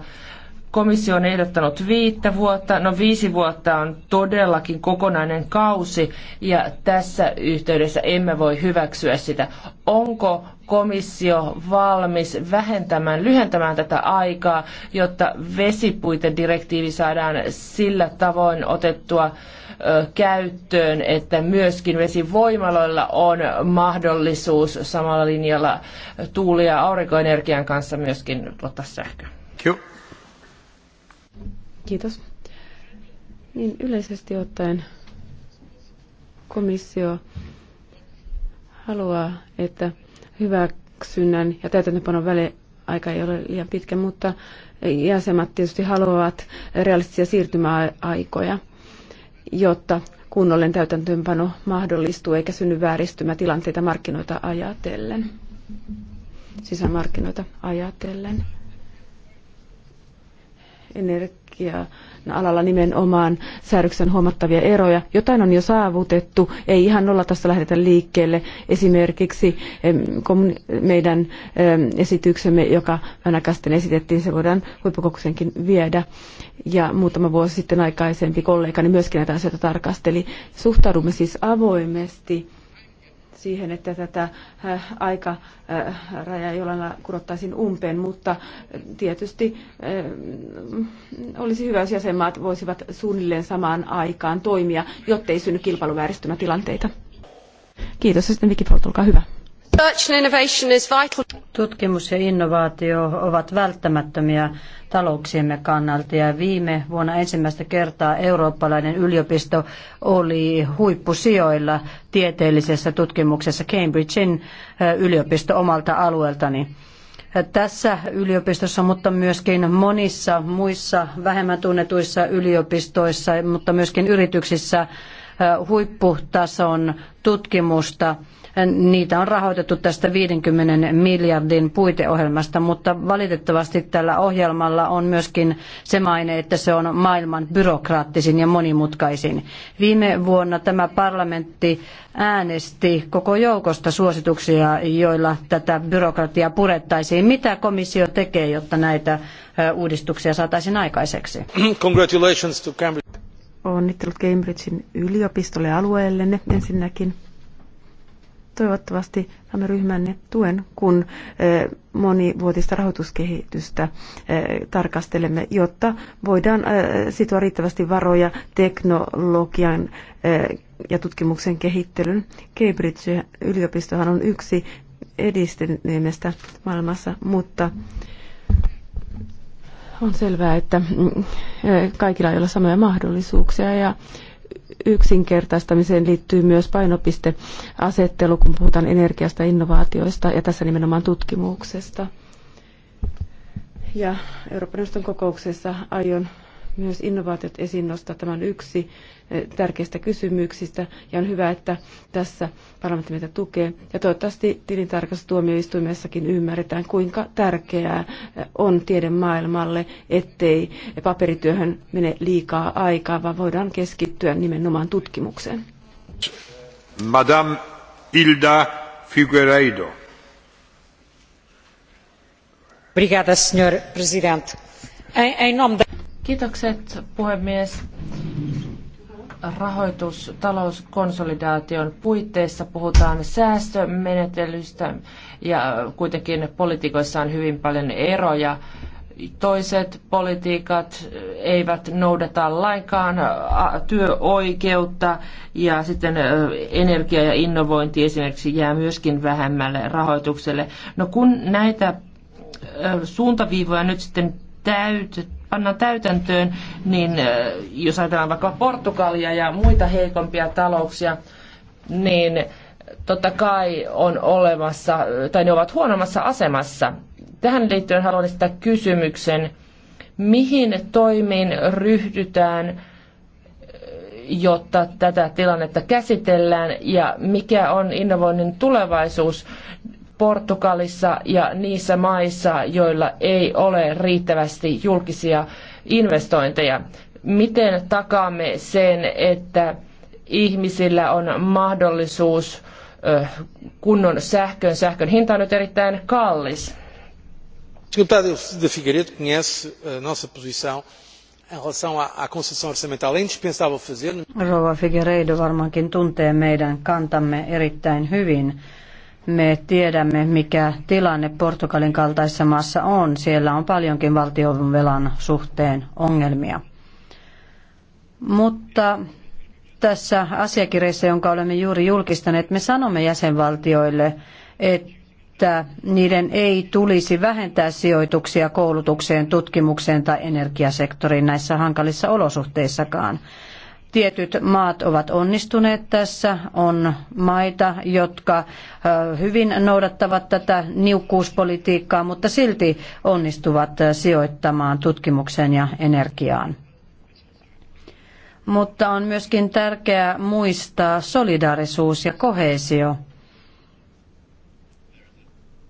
Komissio on ehdottanut viittä vuotta. No viisi vuotta on todellakin kokonainen kausi ja tässä yhteydessä emme voi hyväksyä sitä. Onko komissio valmis vähentämään, lyhentämään tätä aikaa, jotta vesipuitedirektiivi saadaan sillä tavoin otettua käyttöön, että myöskin vesivoimaloilla on mahdollisuus samalla linjalla tuuli- ja aurinkoenergian kanssa myöskin tuottaa sähköä. Kiitos. Kiitos. Niin yleisesti ottaen komissio haluaa, että hyväksynnän ja täytäntöpanon väliaika ei ole liian pitkä, mutta jäsenmät tietysti haluavat realistisia siirtymäaikoja, jotta kunnollinen täytäntöönpano mahdollistuu eikä synny vääristymätilanteita markkinoita ajatellen, sisämarkkinoita ajatellen. Energi- ja alalla nimenomaan säädöksen huomattavia eroja. Jotain on jo saavutettu, ei ihan nolla tässä lähdetä liikkeelle. Esimerkiksi meidän esityksemme, joka vänäkästen esitettiin, se voidaan huippukokouksenkin viedä. Ja muutama vuosi sitten aikaisempi kollegani myöskin näitä asioita tarkasteli. Suhtaudumme siis avoimesti siihen, että tätä äh, aikarajaa äh, jollain kurottaisiin umpeen, mutta tietysti äh, olisi hyvä, jos jäsenmaat voisivat suunnilleen samaan aikaan toimia, jottei synny kilpailuvääristymätilanteita. tilanteita. Kiitos ja sitten Wikipol, olkaa hyvä. Tutkimus ja innovaatio ovat välttämättömiä talouksiemme kannalta ja viime vuonna ensimmäistä kertaa eurooppalainen yliopisto oli huippusijoilla tieteellisessä tutkimuksessa Cambridgein eh, yliopisto omalta alueeltani tässä yliopistossa, mutta myöskin monissa muissa vähemmän tunnetuissa yliopistoissa, mutta myöskin yrityksissä eh, huipputason tutkimusta – Niitä on rahoitettu tästä 50 miljardin puiteohjelmasta, mutta valitettavasti tällä ohjelmalla on myöskin se maine, että se on maailman byrokraattisin ja monimutkaisin. Viime vuonna tämä parlamentti äänesti koko joukosta suosituksia, joilla tätä byrokratiaa purettaisiin. Mitä komissio tekee, jotta näitä uudistuksia saataisiin aikaiseksi? Congratulations to Cambridge. Onnittelut Cambridgein yliopistolle alueellenne ensinnäkin. Toivottavasti saamme ryhmänne tuen, kun monivuotista rahoituskehitystä tarkastelemme, jotta voidaan sitoa riittävästi varoja teknologian ja tutkimuksen kehittelyn. Cambridge-yliopistohan on yksi edistyneimmistä maailmassa, mutta on selvää, että mm, kaikilla ei ole samoja mahdollisuuksia ja yksinkertaistamiseen liittyy myös painopisteasettelu, kun puhutaan energiasta, innovaatioista ja tässä nimenomaan tutkimuksesta. Ja Euroopan neuvoston kokouksessa aion myös innovaatiot esiin nostaa. tämän yksi eh, tärkeistä kysymyksistä ja on hyvä, että tässä parlamentti meitä tukee. Ja toivottavasti tilintarkastustuomioistuimessakin ymmärretään, kuinka tärkeää eh, on maailmalle, ettei paperityöhön mene liikaa aikaa, vaan voidaan keskittyä nimenomaan tutkimukseen. Madame Ilda Figueiredo. Obrigada, senhor presidente. Em, em nome da... Kiitokset puhemies. Rahoitus talouskonsolidaation puitteissa puhutaan säästömenetelystä ja kuitenkin politiikoissa on hyvin paljon eroja. Toiset politiikat eivät noudata lainkaan työoikeutta ja sitten energia ja innovointi esimerkiksi jää myöskin vähemmälle rahoitukselle. No kun näitä suuntaviivoja nyt sitten täytetään, pannaan täytäntöön, niin jos ajatellaan vaikka Portugalia ja muita heikompia talouksia, niin totta kai on olemassa, tai ne ovat huonommassa asemassa. Tähän liittyen haluan esittää kysymyksen, mihin toimiin ryhdytään, jotta tätä tilannetta käsitellään, ja mikä on innovoinnin tulevaisuus, Portugalissa ja niissä maissa, joilla ei ole riittävästi julkisia investointeja. Miten takaamme sen, että ihmisillä on mahdollisuus kunnon sähköön? Sähkön hinta on nyt erittäin kallis. Deputado de Figueiredo conhece a eh, nossa posição em relação à concessão orçamental. É indispensável fazer. Rova Figueiredo varmaankin tuntee meidän kantamme erittäin hyvin me tiedämme, mikä tilanne Portugalin kaltaisessa maassa on. Siellä on paljonkin valtionvelan suhteen ongelmia. Mutta tässä asiakirjassa, jonka olemme juuri julkistaneet, me sanomme jäsenvaltioille, että niiden ei tulisi vähentää sijoituksia koulutukseen, tutkimukseen tai energiasektoriin näissä hankalissa olosuhteissakaan. Tietyt maat ovat onnistuneet tässä. On maita, jotka hyvin noudattavat tätä niukkuuspolitiikkaa, mutta silti onnistuvat sijoittamaan tutkimukseen ja energiaan. Mutta on myöskin tärkeää muistaa solidaarisuus ja koheesio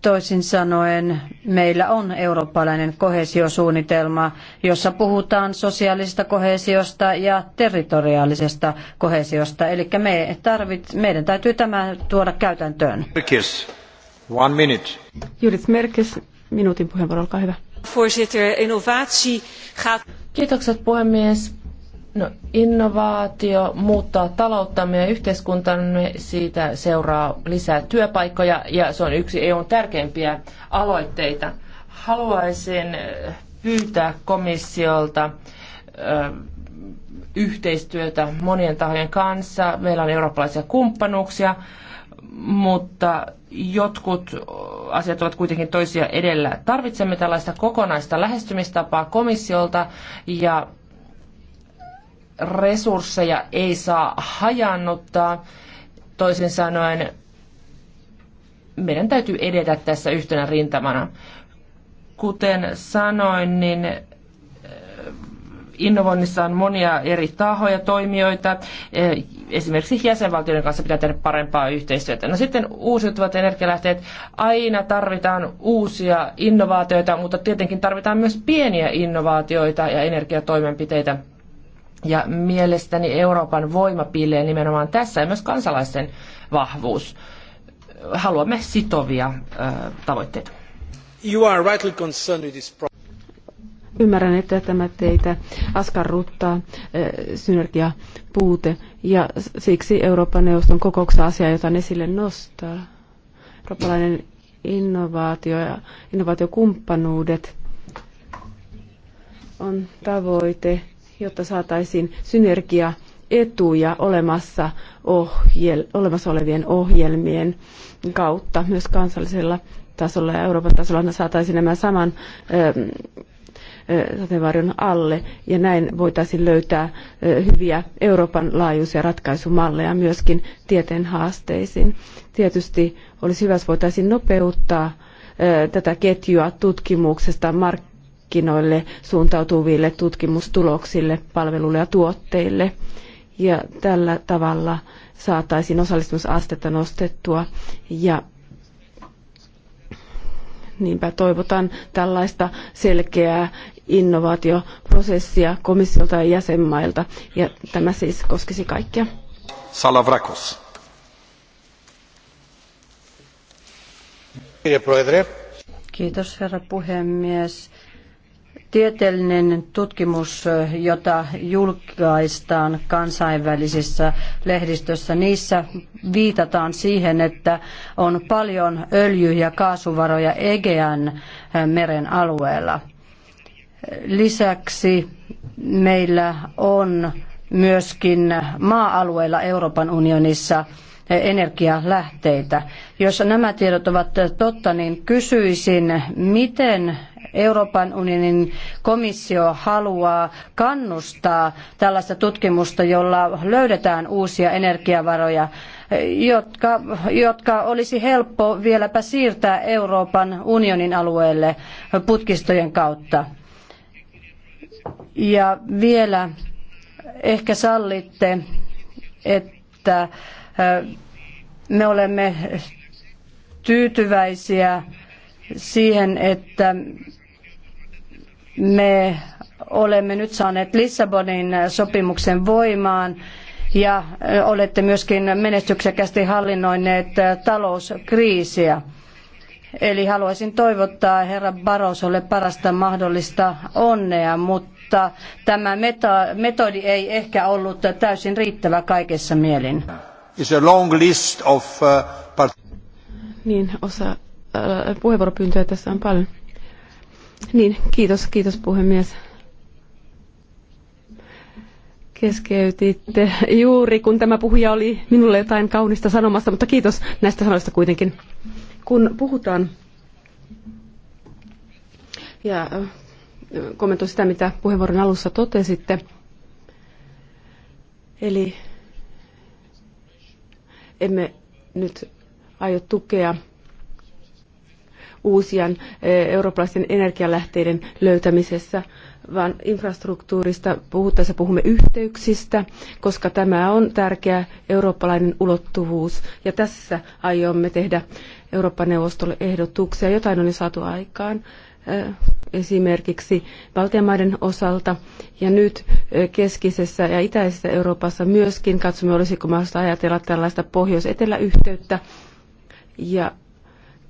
Toisin sanoen meillä on eurooppalainen koheesiosuunnitelma, jossa puhutaan sosiaalisesta koheesiosta ja territoriaalisesta koheesiosta, Eli me tarvit, meidän täytyy tämä tuoda käytäntöön. Merkis, one minute. Judith Merkis, minuutin puheenvuoro, olkaa hyvä. Kiitokset puhemies No, innovaatio muuttaa talouttamme ja yhteiskuntamme, siitä seuraa lisää työpaikkoja ja se on yksi EUn tärkeimpiä aloitteita. Haluaisin äh, pyytää komissiolta ö, äh, yhteistyötä monien tahojen kanssa. Meillä on eurooppalaisia kumppanuuksia, mutta jotkut asiat ovat kuitenkin toisia edellä. Tarvitsemme tällaista kokonaista lähestymistapaa komissiolta ja resursseja ei saa hajannuttaa. Toisin sanoen meidän täytyy edetä tässä yhtenä rintamana. Kuten sanoin, niin eh, innovoinnissa on monia eri tahoja, toimijoita. Eh, esimerkiksi jäsenvaltioiden kanssa pitää tehdä parempaa yhteistyötä. No sitten uusiutuvat energialähteet. Aina tarvitaan uusia innovaatioita, mutta tietenkin tarvitaan myös pieniä innovaatioita ja energiatoimenpiteitä – ja mielestäni Euroopan voima piilee nimenomaan tässä ja myös kansalaisten vahvuus. Haluamme sitovia ö, tavoitteita. You are rightly concerned with this problem. Ymmärrän, että tämä teitä askarruttaa synergia puute ja siksi Euroopan neuvoston kokouksessa asia, jota ne sille nostaa. Eurooppalainen innovaatio ja innovaatiokumppanuudet on tavoite, jotta saataisiin synergia etuja olemassa, ohjel, olemassa olevien ohjelmien kautta myös kansallisella tasolla ja Euroopan tasolla saataisiin nämä saman ähm, äh, sateenvarjon alle ja näin voitaisiin löytää äh, hyviä Euroopan laajuisia ratkaisumalleja myöskin tieteen haasteisiin. Tietysti olisi hyvä, jos voitaisiin nopeuttaa äh, tätä ketjua tutkimuksesta mark markkinoille suuntautuville tutkimustuloksille, palveluille ja tuotteille. Ja tällä tavalla saataisiin osallistumisastetta nostettua ja Niinpä toivotan tällaista selkeää innovaatioprosessia komissiolta ja jäsenmailta, ja tämä siis koskisi kaikkia. Salavrakos. Kiitos herra puhemies. Tieteellinen tutkimus, jota julkaistaan kansainvälisissä lehdistössä, niissä viitataan siihen, että on paljon öljy- ja kaasuvaroja Egean eh, meren alueella. Lisäksi meillä on myöskin maa-alueilla Euroopan unionissa eh, energialähteitä. Jos nämä tiedot ovat eh, totta, niin kysyisin, miten Euroopan unionin komissio haluaa kannustaa tällaista tutkimusta, jolla löydetään uusia energiavaroja, jotka, jotka olisi helppo vieläpä siirtää Euroopan unionin alueelle putkistojen kautta. Ja vielä ehkä sallitte, että me olemme tyytyväisiä siihen, että me olemme nyt saaneet Lissabonin sopimuksen voimaan ja olette myöskin menestyksekästi hallinnoineet talouskriisiä. Eli haluaisin toivottaa herra Barrosolle parasta mahdollista onnea, mutta tämä metodi ei ehkä ollut täysin riittävä kaikessa mielin. Of... niin, osa äh, puheenvuoropyyntöjä tässä on paljon. Niin, kiitos, kiitos puhemies. Keskeytitte juuri, kun tämä puhuja oli minulle jotain kaunista sanomasta, mutta kiitos näistä sanoista kuitenkin. Kun puhutaan ja kommentoin sitä, mitä puheenvuoron alussa totesitte, eli emme nyt aio tukea uusien eh, eurooppalaisten energialähteiden löytämisessä, vaan infrastruktuurista puhuttaessa puhumme yhteyksistä, koska tämä on tärkeä eurooppalainen ulottuvuus. Ja tässä aiomme tehdä Eurooppa-neuvostolle ehdotuksia. Jotain on jo saatu aikaan eh, esimerkiksi Baltian maiden osalta. Ja nyt eh, keskisessä ja itäisessä Euroopassa myöskin katsomme, olisiko mahdollista ajatella tällaista pohjois-eteläyhteyttä. Ja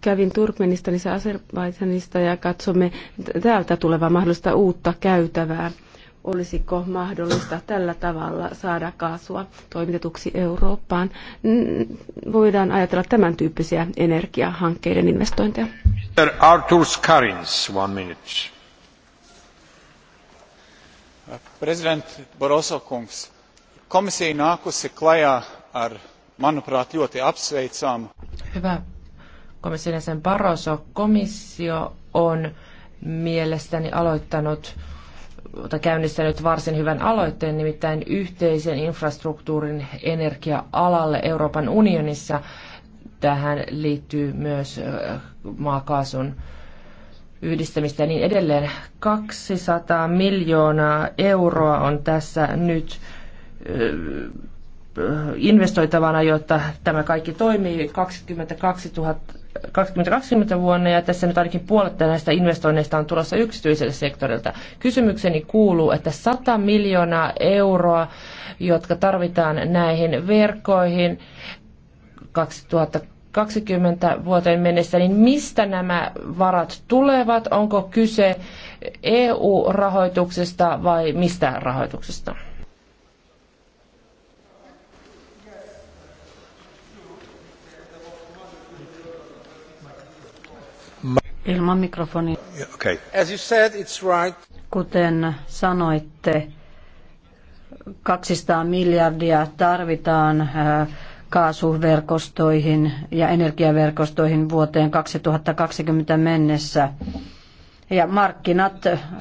kävin Turkmenistanissa ja Azerbaidsanista ja katsomme täältä tulevaa mahdollista uutta käytävää. Olisiko mahdollista tällä tavalla saada kaasua toimitetuksi Eurooppaan? Voidaan ajatella tämän tyyppisiä energiahankkeiden investointeja. Arthur Skarins, one minute. President Barroso kungs, komisija nākusi klaja ar, manuprat ļoti apsveicamu. Hyvä komission jäsen Barroso, komissio on mielestäni aloittanut tai käynnistänyt varsin hyvän aloitteen, nimittäin yhteisen infrastruktuurin energia-alalle Euroopan unionissa. Tähän liittyy myös maakaasun yhdistämistä ja niin edelleen. 200 miljoonaa euroa on tässä nyt investoitavana, jotta tämä kaikki toimii. 22 000 2020 vuonna ja tässä nyt ainakin puolet näistä investoinneista on tulossa yksityiselle sektorilta. Kysymykseni kuuluu, että 100 miljoonaa euroa, jotka tarvitaan näihin verkkoihin 2020 vuoteen mennessä, niin mistä nämä varat tulevat? Onko kyse EU-rahoituksesta vai mistä rahoituksesta? Ilman mikrofonia. Okay. As you said, it's right. Kuten sanoitte, 200 miljardia tarvitaan äh, kaasuverkostoihin ja energiaverkostoihin vuoteen 2020 mennessä – ja markkinat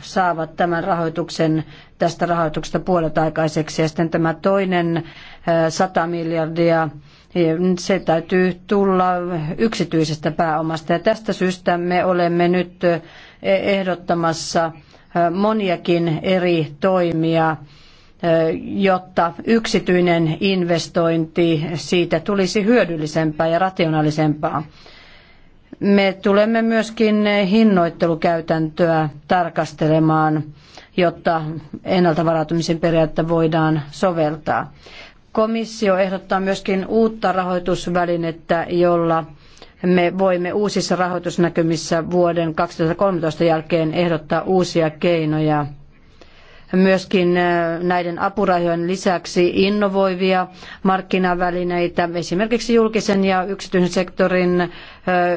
saavat tämän rahoituksen tästä rahoituksesta puolet aikaiseksi. Ja sitten tämä toinen 100 miljardia se täytyy tulla yksityisestä pääomasta ja tästä syystä me olemme nyt ehdottamassa moniakin eri toimia, jotta yksityinen investointi siitä tulisi hyödyllisempää ja rationaalisempaa. Me tulemme myöskin hinnoittelukäytäntöä tarkastelemaan, jotta ennalta varautumisen periaatetta voidaan soveltaa. Komissio ehdottaa myöskin uutta rahoitusvälinettä, jolla me voimme uusissa rahoitusnäkymissä vuoden 2013 jälkeen ehdottaa uusia keinoja myöskin äh, näiden apurahojen lisäksi innovoivia markkinavälineitä. Esimerkiksi julkisen ja yksityisen sektorin äh,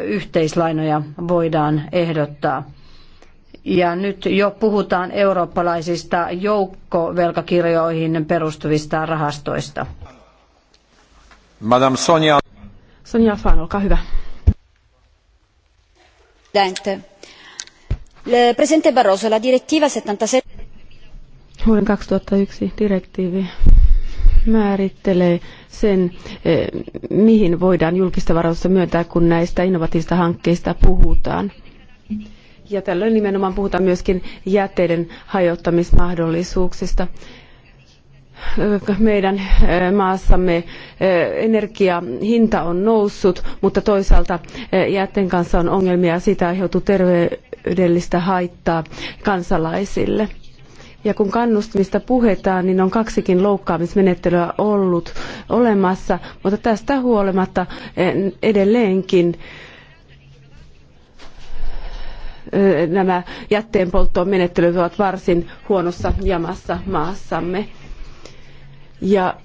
yhteislainoja voidaan ehdottaa. Ja nyt jo puhutaan eurooppalaisista joukkovelkakirjoihin perustuvista rahastoista. Madame Sonia. Sonia Fan, olkaa hyvä. Presidente Barroso, la direttiva 77... Vuoden 2001 direktiivi määrittelee sen, eh, mihin voidaan julkista varausta myöntää, kun näistä innovatiivista hankkeista puhutaan. Ja tällöin nimenomaan puhutaan myöskin jätteiden hajottamismahdollisuuksista. Meidän eh, maassamme eh, energiahinta on noussut, mutta toisaalta jätteen kanssa on ongelmia ja siitä aiheutuu terveydellistä haittaa kansalaisille ja kun kannustimista puhetaan, niin on kaksikin loukkaamismenettelyä ollut olemassa, mutta tästä huolimatta eh, edelleenkin eh, nämä jätteenpolttoon menettelyt ovat varsin huonossa jamassa maassamme. Ja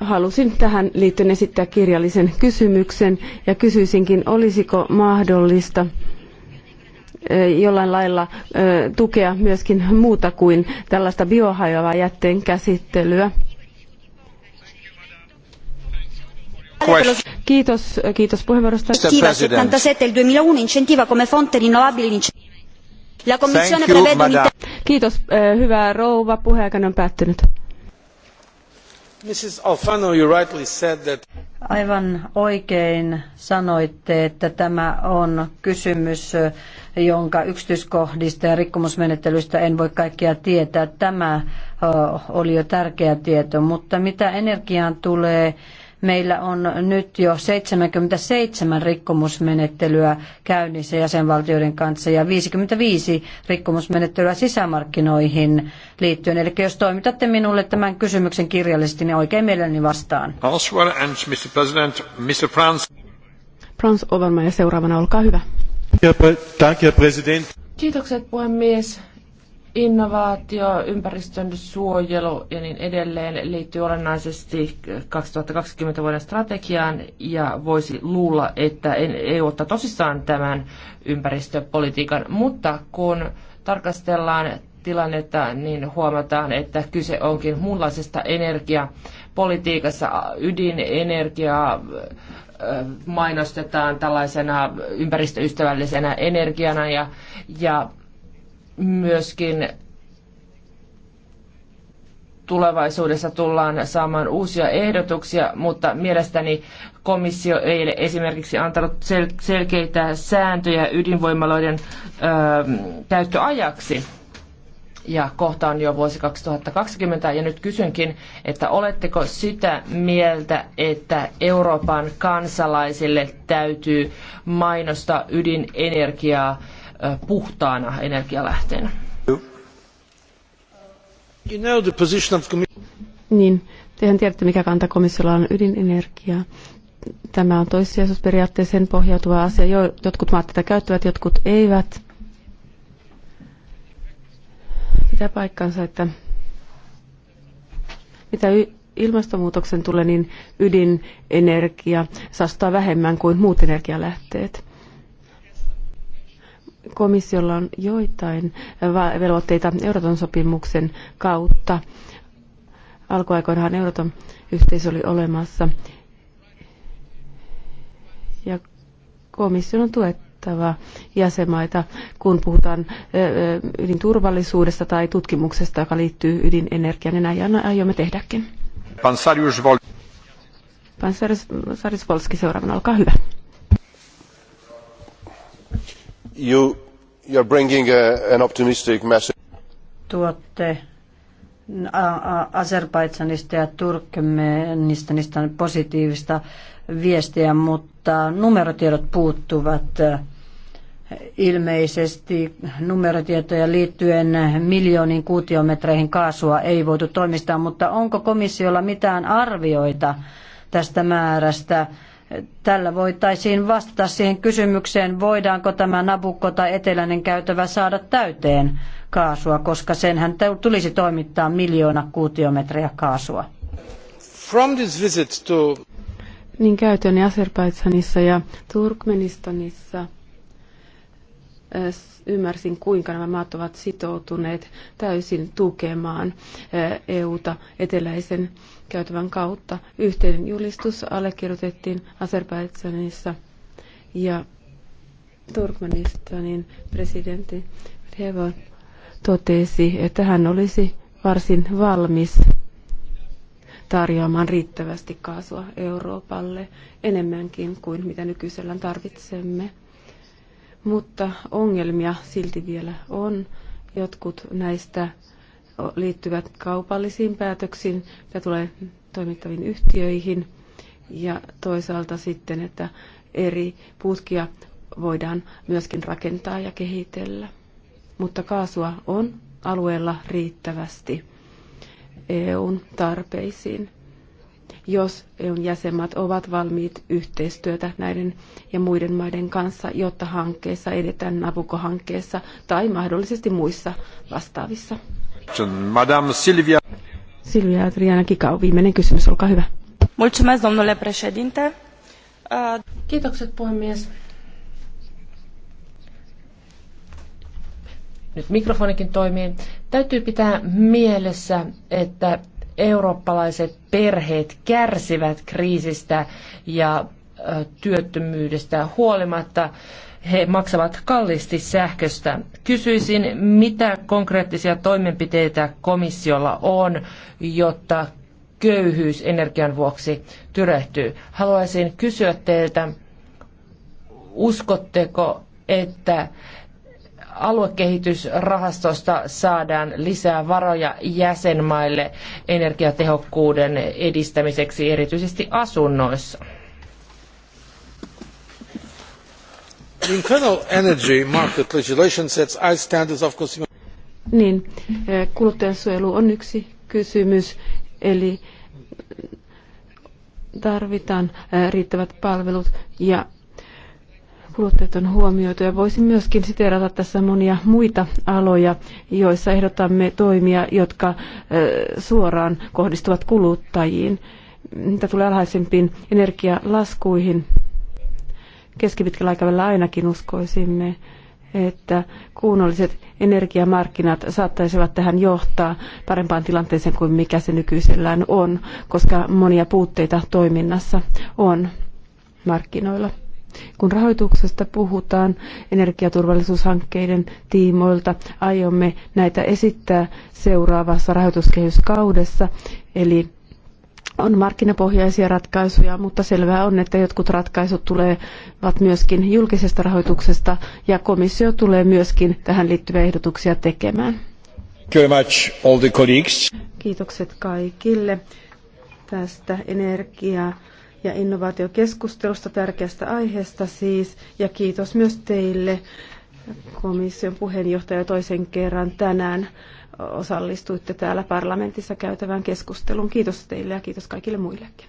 halusin tähän liittyen esittää kirjallisen kysymyksen ja kysyisinkin, olisiko mahdollista jollain lailla tukea myöskin muuta kuin tällaista biohajoavaa jätteen käsittelyä. Kiitos, kiitos puheenvuorosta. 2001 Kiitos, hyvä rouva. puheenjohtaja, on päättynyt. Mrs. Alfano, you rightly said that... Aivan oikein sanoitte, että tämä on kysymys jonka yksityiskohdista ja rikkomusmenettelystä en voi kaikkia tietää. Tämä oli jo tärkeä tieto, mutta mitä energiaan tulee, meillä on nyt jo 77 rikkomusmenettelyä käynnissä jäsenvaltioiden kanssa ja 55 rikkomusmenettelyä sisämarkkinoihin liittyen. Eli jos toimitatte minulle tämän kysymyksen kirjallisesti, niin oikein mielelläni vastaan. Franz. seuraavana, olkaa hyvä. Kiitokset puhemies. Innovaatio, ympäristön suojelu ja niin edelleen liittyy olennaisesti 2020 vuoden strategiaan ja voisi luulla, että EU ottaa tosissaan tämän ympäristöpolitiikan, mutta kun tarkastellaan tilannetta, niin huomataan, että kyse onkin muunlaisesta energiapolitiikassa, ydinenergiaa, mainostetaan tällaisena ympäristöystävällisenä energiana ja, ja myöskin tulevaisuudessa tullaan saamaan uusia ehdotuksia, mutta mielestäni komissio ei ole esimerkiksi antanut sel- selkeitä sääntöjä ydinvoimaloiden ö, käyttöajaksi ja kohta on jo vuosi 2020 ja nyt kysynkin, että oletteko sitä mieltä, että Euroopan kansalaisille täytyy mainostaa ydinenergiaa puhtaana energialähteenä? You know the position of niin, tehän tiedätte mikä kanta komissiolla on ydinenergiaa. Tämä on toissijaisuusperiaatteeseen pohjautuva asia. jotkut maat tätä käyttävät, jotkut eivät Pitää paikkansa, että mitä ilmastonmuutoksen tulee, niin ydinenergia saastaa vähemmän kuin muut energialähteet. Komissiolla on joitain velvoitteita Euroton sopimuksen kautta. Alkuaikoinahan Euroton yhteisö oli olemassa. Ja komission on tuettu autettava jäsenmaita, kun puhutaan ydinturvallisuudesta tai tutkimuksesta, joka liittyy ydinenergiaan, ja näin aiomme tehdäkin. Pansarius Vol... Volski seuraavana, olkaa hyvä. You, you're bringing a, an optimistic message. Tuotte Azerbaidsanista ja Turkmenistanista positiivista viestiä, mutta numerotiedot puuttuvat ilmeisesti numerotietoja liittyen miljooniin kuutiometreihin kaasua ei voitu toimistaa, mutta onko komissiolla mitään arvioita tästä määrästä? Tällä voitaisiin vastata siihen kysymykseen, voidaanko tämä Nabukko tai eteläinen käytävä saada täyteen kaasua, koska senhän tulisi toimittaa miljoona kuutiometriä kaasua. From this visit to... Niin käytön Azerbaidsanissa ja Turkmenistanissa – ymmärsin, kuinka nämä maat ovat sitoutuneet täysin tukemaan EUta eteläisen käytävän kautta. Yhteinen julistus allekirjoitettiin Azerbaidsanissa ja Turkmenistanin presidentti Revo totesi, että hän olisi varsin valmis tarjoamaan riittävästi kaasua Euroopalle enemmänkin kuin mitä nykyisellään tarvitsemme mutta ongelmia silti vielä on. Jotkut näistä liittyvät kaupallisiin päätöksiin, ja tulee toimittaviin yhtiöihin, ja toisaalta sitten, että eri putkia voidaan myöskin rakentaa ja kehitellä. Mutta kaasua on alueella riittävästi EUn tarpeisiin jos EUn jäsenmaat ovat valmiit yhteistyötä näiden ja muiden maiden kanssa, jotta hankkeessa edetään Nabucco-hankkeessa tai mahdollisesti muissa vastaavissa. Madame Silvia. Silvia Adriana Kikau, viimeinen kysymys, olkaa hyvä. Mulțumesc, domnule președinte. Kiitokset, puhemies. Nyt mikrofonikin toimii. Täytyy pitää mielessä, että eurooppalaiset perheet kärsivät kriisistä ja työttömyydestä huolimatta he maksavat kalliisti sähköstä. Kysyisin, mitä konkreettisia toimenpiteitä komissiolla on, jotta köyhyys energian vuoksi tyrehtyy. Haluaisin kysyä teiltä, uskotteko, että aluekehitysrahastosta saadaan lisää varoja jäsenmaille energiatehokkuuden edistämiseksi erityisesti asunnoissa. The internal energy market legislation sets high standards of consumer... Niin, eh, kuluttajansuojelu on yksi kysymys, eli tarvitaan eh, riittävät palvelut ja kuluttajat on huomioitu ja voisin myöskin siteerata tässä monia muita aloja, joissa ehdotamme toimia, jotka suoraan kohdistuvat kuluttajiin. Mitä tulee alhaisempiin energialaskuihin, keskipitkällä aikavälillä ainakin uskoisimme, että kuunnolliset energiamarkkinat saattaisivat tähän johtaa parempaan tilanteeseen kuin mikä se nykyisellään on, koska monia puutteita toiminnassa on markkinoilla. Kun rahoituksesta puhutaan energiaturvallisuushankkeiden tiimoilta, aiomme näitä esittää seuraavassa rahoituskehyskaudessa, eli on markkinapohjaisia ratkaisuja, mutta selvää on, että jotkut ratkaisut tulevat myöskin julkisesta rahoituksesta ja komissio tulee myöskin tähän liittyviä ehdotuksia tekemään. Kiitokset kaikille tästä energiaa ja innovaatiokeskustelusta, tärkeästä aiheesta siis. Ja kiitos myös teille komission puheenjohtaja toisen kerran tänään osallistuitte täällä parlamentissa käytävään keskusteluun. Kiitos teille ja kiitos kaikille muillekin.